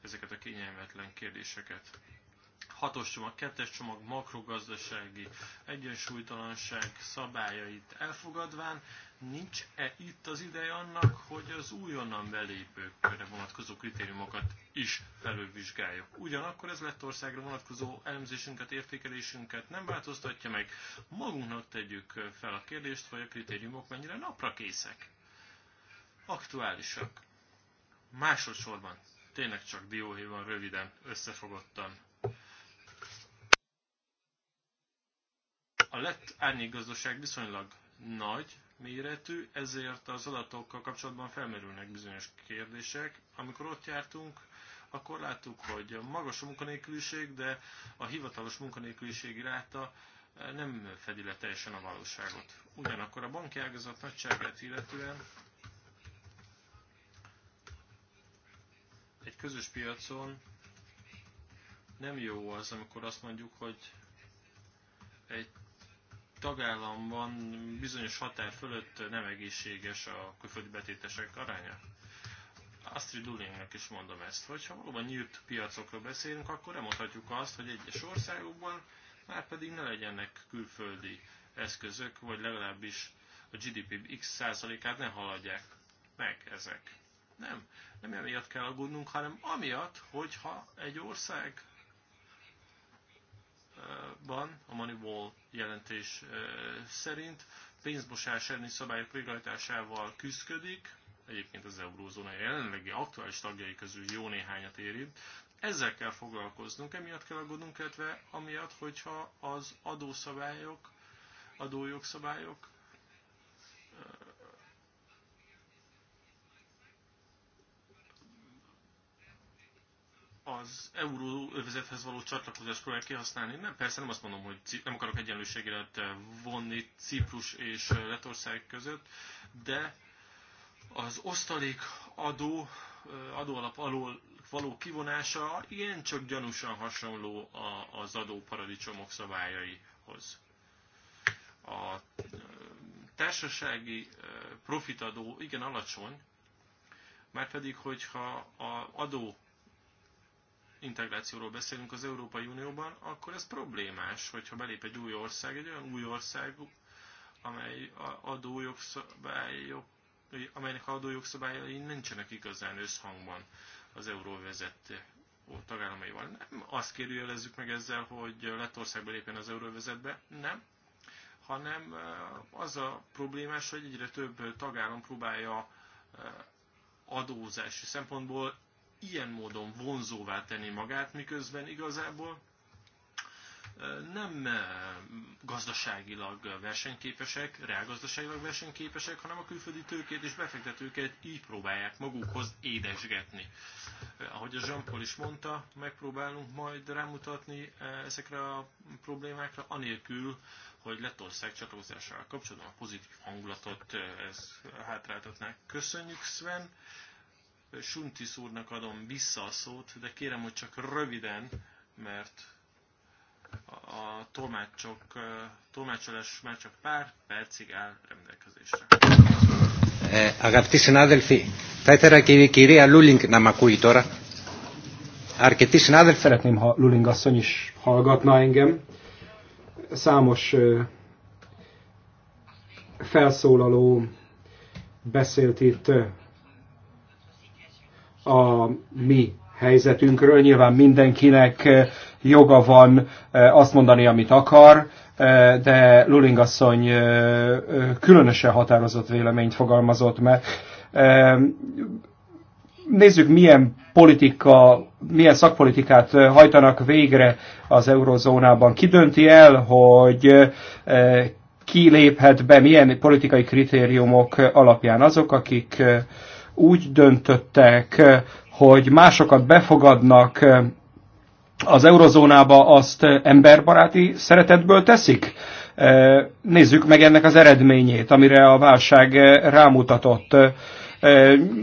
ezeket a kényelmetlen kérdéseket. Hatos csomag, kettes csomag makrogazdasági egyensúlytalanság szabályait elfogadván nincs-e itt az ideje annak, hogy az újonnan belépőkre vonatkozó kritériumokat is felülvizsgáljuk. Ugyanakkor ez Lettországra vonatkozó elemzésünket, értékelésünket nem változtatja meg. Magunknak tegyük fel a kérdést, hogy a kritériumok mennyire napra készek aktuálisak. Másodszorban tényleg csak dióhéjban röviden, összefogottan. A lett árnyékgazdaság viszonylag nagy méretű, ezért az adatokkal kapcsolatban felmerülnek bizonyos kérdések. Amikor ott jártunk, akkor láttuk, hogy magas a munkanélküliség, de a hivatalos munkanélküliségi ráta eh, nem fedi le teljesen a valóságot. Ugyanakkor a banki ágazat nagyságát illetően egy közös piacon nem jó az, amikor azt mondjuk, hogy egy tagállamban bizonyos határ fölött nem egészséges a külföldi betétesek aránya. Astrid Dulingnek is mondom ezt, hogy ha valóban nyílt piacokról beszélünk, akkor nem mondhatjuk azt, hogy egyes országokban már pedig ne legyenek külföldi eszközök, vagy legalábbis a GDP x százalékát ne haladják meg ezek. Nem, nem emiatt kell aggódnunk, hanem amiatt, hogyha egy ország van, a Moneyball jelentés szerint pénzmosás elleni szabályok végrehajtásával küzdik, egyébként az eurózóna jelenlegi aktuális tagjai közül jó néhányat érint, ezzel kell foglalkoznunk, emiatt kell aggódnunk, illetve amiatt, hogyha az adószabályok, adójogszabályok az euróövezethez való csatlakozást próbálják kihasználni. Nem, persze nem azt mondom, hogy nem akarok egyenlőséget vonni Ciprus és Letország között, de az osztalék adó, adóalap alól való kivonása ilyen csak gyanúsan hasonló az adóparadicsomok szabályaihoz. A társasági profitadó igen alacsony, mert pedig hogyha a adó integrációról beszélünk az Európai Unióban, akkor ez problémás, hogyha belép egy új ország, egy olyan új ország, amely adójogszabályok, amelynek adójogszabályai nincsenek igazán összhangban az euróvezet tagállamaival. Nem azt kérdőjelezzük meg ezzel, hogy Lettország belépjen az euróvezetbe, nem, hanem az a problémás, hogy egyre több tagállam próbálja adózási szempontból ilyen módon vonzóvá tenni magát, miközben igazából nem gazdaságilag versenyképesek, reálgazdaságilag versenyképesek, hanem a külföldi tőkét és befektetőket így próbálják magukhoz édesgetni. Ahogy a jean is mondta, megpróbálunk majd rámutatni ezekre a problémákra, anélkül, hogy Lettország csatlakozásával kapcsolatban a pozitív hangulatot ez hátráltatnák. Köszönjük, Sven! Suntis úrnak adom vissza a szót, de kérem, hogy csak röviden, mert a tolmácsok, tolmácsolás már csak pár percig áll rendelkezésre. Eh, Agapti θα ήθελα και η a Lulink nem a ακούει τώρα. Αρκετοί Szeretném, ha Luling asszony is hallgatna engem. Számos felszólaló beszélt itt a mi helyzetünkről. Nyilván mindenkinek eh, joga van eh, azt mondani, amit akar, eh, de Luling asszony különösen határozott véleményt fogalmazott meg. Nézzük, milyen politika, milyen szakpolitikát hajtanak végre az eurozónában. Ki dönti el, hogy ki léphet be, milyen politikai kritériumok alapján azok, akik úgy döntöttek, eh, hogy másokat befogadnak eh, az eurozónába, azt eh, emberbaráti szeretetből teszik? Nézzük meg ennek az eredményét, amire a válság rámutatott.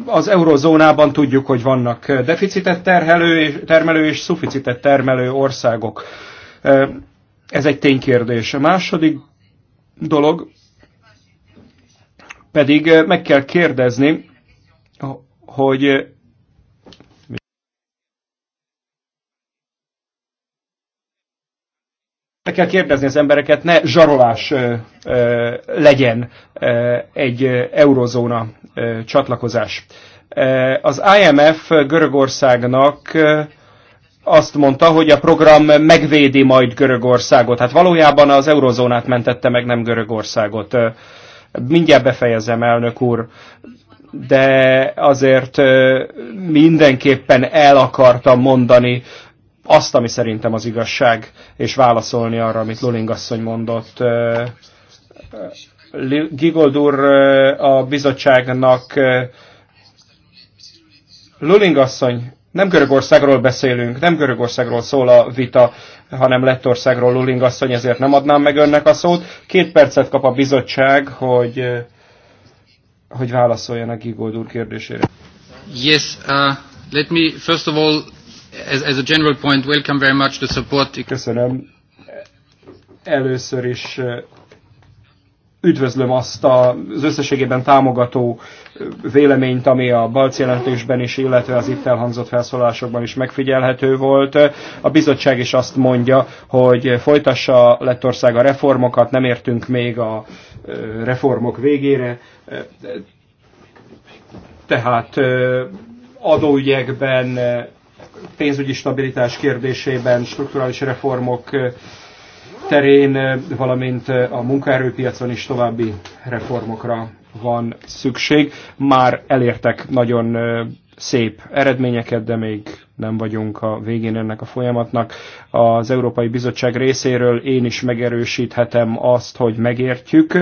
Az eurozónában tudjuk, hogy vannak deficitet terhelő, termelő és szuficitet termelő országok. Ez egy ténykérdés. A második dolog pedig meg kell kérdezni, hogy meg kell kérdezni az embereket, ne zsarolás ö, ö, legyen ö, egy eurozóna ö, csatlakozás. Az IMF Görögországnak azt mondta, hogy a program megvédi majd Görögországot. Hát valójában az eurozónát mentette meg, nem Görögországot. Mindjárt befejezem, elnök úr de azért mindenképpen el akartam mondani azt, ami szerintem az igazság, és válaszolni arra, amit Luling asszony mondott. Gigold úr a bizottságnak Luling asszony, nem Görögországról beszélünk, nem Görögországról szól a vita, hanem Lettországról Luling asszony, ezért nem adnám meg önnek a szót. Két percet kap a bizottság, hogy hogy válaszoljon a Gigold úr kérdésére. Yes, uh, let me first of all, as, as a general point, welcome very much the support. Köszönöm. Először is uh, üdvözlöm azt az összességében támogató véleményt, ami a balci jelentésben is, illetve az itt elhangzott felszólásokban is megfigyelhető volt. A bizottság is azt mondja, hogy folytassa Lettország a reformokat, nem értünk még a reformok végére. Tehát adóügyekben, pénzügyi stabilitás kérdésében, strukturális reformok terén, valamint a munkaerőpiacon is további reformokra van szükség. Már elértek nagyon szép eredményeket, de még nem vagyunk a végén ennek a folyamatnak. Az Európai Bizottság részéről én is megerősíthetem azt, hogy megértjük,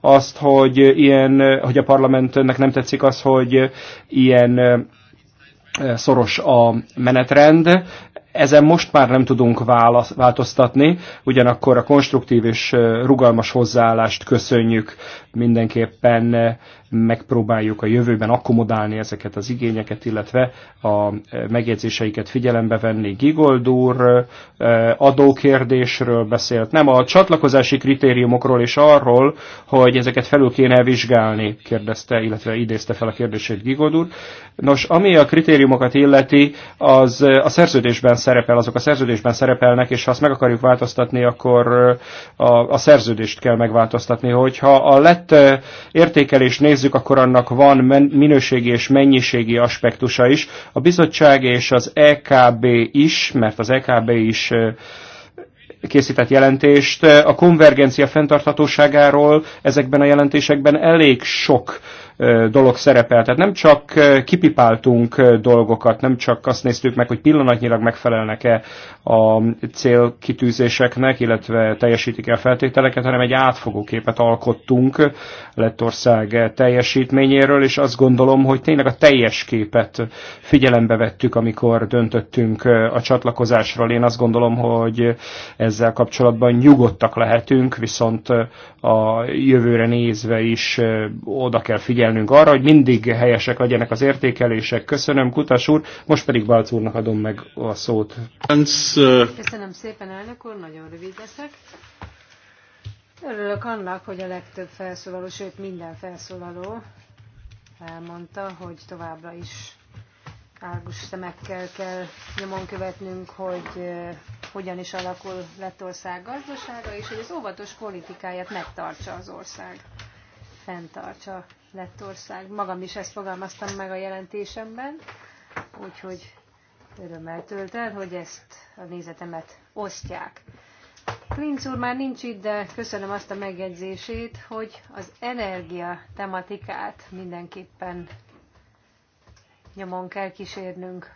azt, hogy, ilyen, hogy a parlamentnek nem tetszik az, hogy ilyen szoros a menetrend, ezen most már nem tudunk válasz, változtatni, ugyanakkor a konstruktív és rugalmas hozzáállást köszönjük, mindenképpen megpróbáljuk a jövőben akkomodálni ezeket az igényeket, illetve a megjegyzéseiket figyelembe venni. Gigoldúr adókérdésről beszélt, nem a csatlakozási kritériumokról és arról, hogy ezeket felül kéne vizsgálni, kérdezte, illetve idézte fel a kérdését Gigoldúr. Nos, ami a kritériumokat illeti, az a szerződésben szerepel, azok a szerződésben szerepelnek, és ha azt meg akarjuk változtatni, akkor a, a szerződést kell megváltoztatni. Hogyha a lett értékelést nézzük, akkor annak van men, minőségi és mennyiségi aspektusa is. A bizottság és az EKB is, mert az EKB is készített jelentést. A konvergencia fenntarthatóságáról ezekben a jelentésekben elég sok dolog szerepel. Tehát nem csak kipipáltunk dolgokat, nem csak azt néztük meg, hogy pillanatnyilag megfelelnek-e a célkitűzéseknek, illetve teljesítik el feltételeket, hanem egy átfogó képet alkottunk Lettország teljesítményéről, és azt gondolom, hogy tényleg a teljes képet figyelembe vettük, amikor döntöttünk a csatlakozásról. Én azt gondolom, hogy ezzel kapcsolatban nyugodtak lehetünk, viszont a jövőre nézve is oda kell figyelnünk arra, hogy mindig helyesek legyenek az értékelések. Köszönöm, Kutas úr, most pedig Balc úrnak adom meg a szót. Köszönöm szépen, elnök úr, nagyon rövid leszek. Örülök annak, hogy a legtöbb felszólaló, sőt minden felszólaló elmondta, hogy továbbra is árgus szemekkel kell nyomon követnünk, hogy hogyan is alakul Lettország gazdasága, és hogy az óvatos politikáját megtartsa az ország, fenntartsa Lettország. Magam is ezt fogalmaztam meg a jelentésemben, úgyhogy örömmel tölt el, hogy ezt a nézetemet osztják. Klinc úr már nincs itt, de köszönöm azt a megjegyzését, hogy az energia tematikát mindenképpen nyomon kell kísérnünk.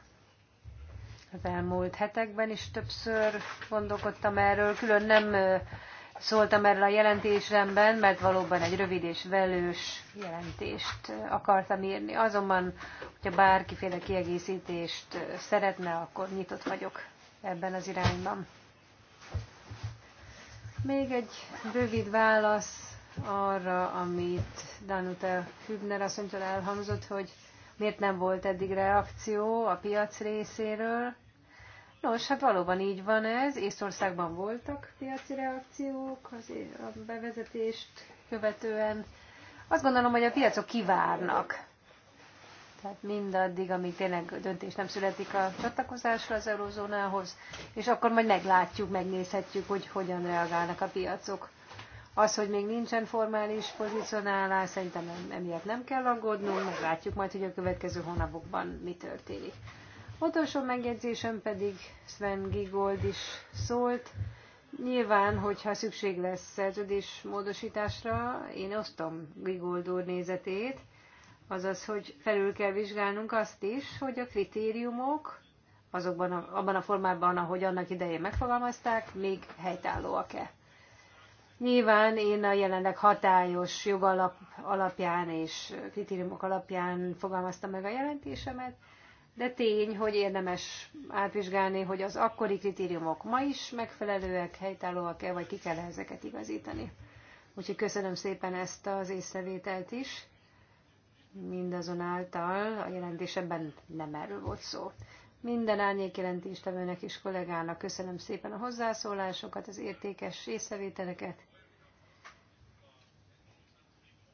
Az elmúlt hetekben is többször gondolkodtam erről, külön nem szóltam erről a jelentésemben, mert valóban egy rövid és velős jelentést akartam írni. Azonban, hogyha bárkiféle kiegészítést szeretne, akkor nyitott vagyok ebben az irányban. Még egy rövid válasz arra, amit Danuta Hübner asszonytól elhangzott, hogy miért nem volt eddig reakció a piac részéről Nos, hát valóban így van ez. Észországban voltak piaci reakciók az a bevezetést követően. Azt gondolom, hogy a piacok kivárnak. Tehát mindaddig, amíg tényleg döntés nem születik a csatlakozásra az eurozónához, és akkor majd meglátjuk, megnézhetjük, hogy hogyan reagálnak a piacok. Az, hogy még nincsen formális pozicionálás, szerintem emiatt nem kell aggódnunk, meglátjuk majd, hogy a következő hónapokban mi történik. Utolsó megjegyzésem pedig Sven Gigold is szólt. Nyilván, hogyha szükség lesz szerződés módosításra, én osztom Gigold úr nézetét, azaz, hogy felül kell vizsgálnunk azt is, hogy a kritériumok azokban a, abban a formában, ahogy annak idején megfogalmazták, még helytállóak-e. Nyilván én a jelenleg hatályos jogalap alapján és kritériumok alapján fogalmaztam meg a jelentésemet, de tény, hogy érdemes átvizsgálni, hogy az akkori kritériumok ma is megfelelőek, helytállóak-e, vagy ki kell ezeket igazítani. Úgyhogy köszönöm szépen ezt az észrevételt is. Mindazonáltal a jelentésemben nem erről volt szó. Minden árnyék jelentéstevőnek és kollégának köszönöm szépen a hozzászólásokat, az értékes észrevételeket.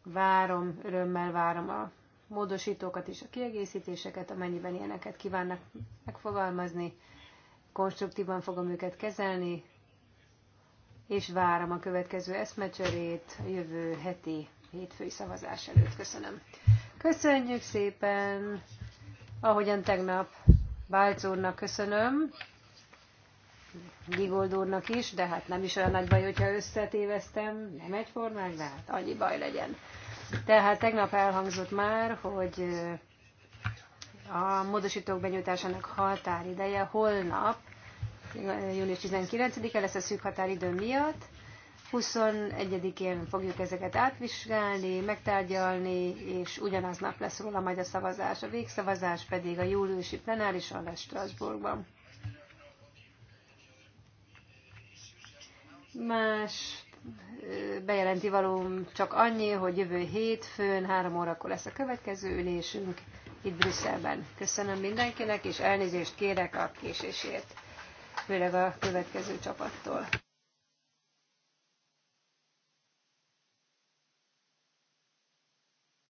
Várom, örömmel várom a módosítókat és a kiegészítéseket, amennyiben ilyeneket kívánnak megfogalmazni. Konstruktívan fogom őket kezelni, és várom a következő eszmecserét a jövő heti hétfői szavazás előtt. Köszönöm. Köszönjük szépen, ahogyan tegnap Bálc köszönöm, Gigold is, de hát nem is olyan nagy baj, hogyha összetévesztem, nem egyformák, de hát annyi baj legyen. Tehát tegnap elhangzott már, hogy a módosítók benyújtásának határideje holnap, július 19-e lesz a szűk határidő miatt. 21-én fogjuk ezeket átvizsgálni, megtárgyalni, és ugyanaznap lesz róla majd a szavazás. A végszavazás pedig a júliusi plenárison lesz Strasbourgban. Más bejelenti valóm csak annyi, hogy jövő hétfőn három órakor lesz a következő ülésünk itt Brüsszelben. Köszönöm mindenkinek, és elnézést kérek a késésért, főleg a következő csapattól.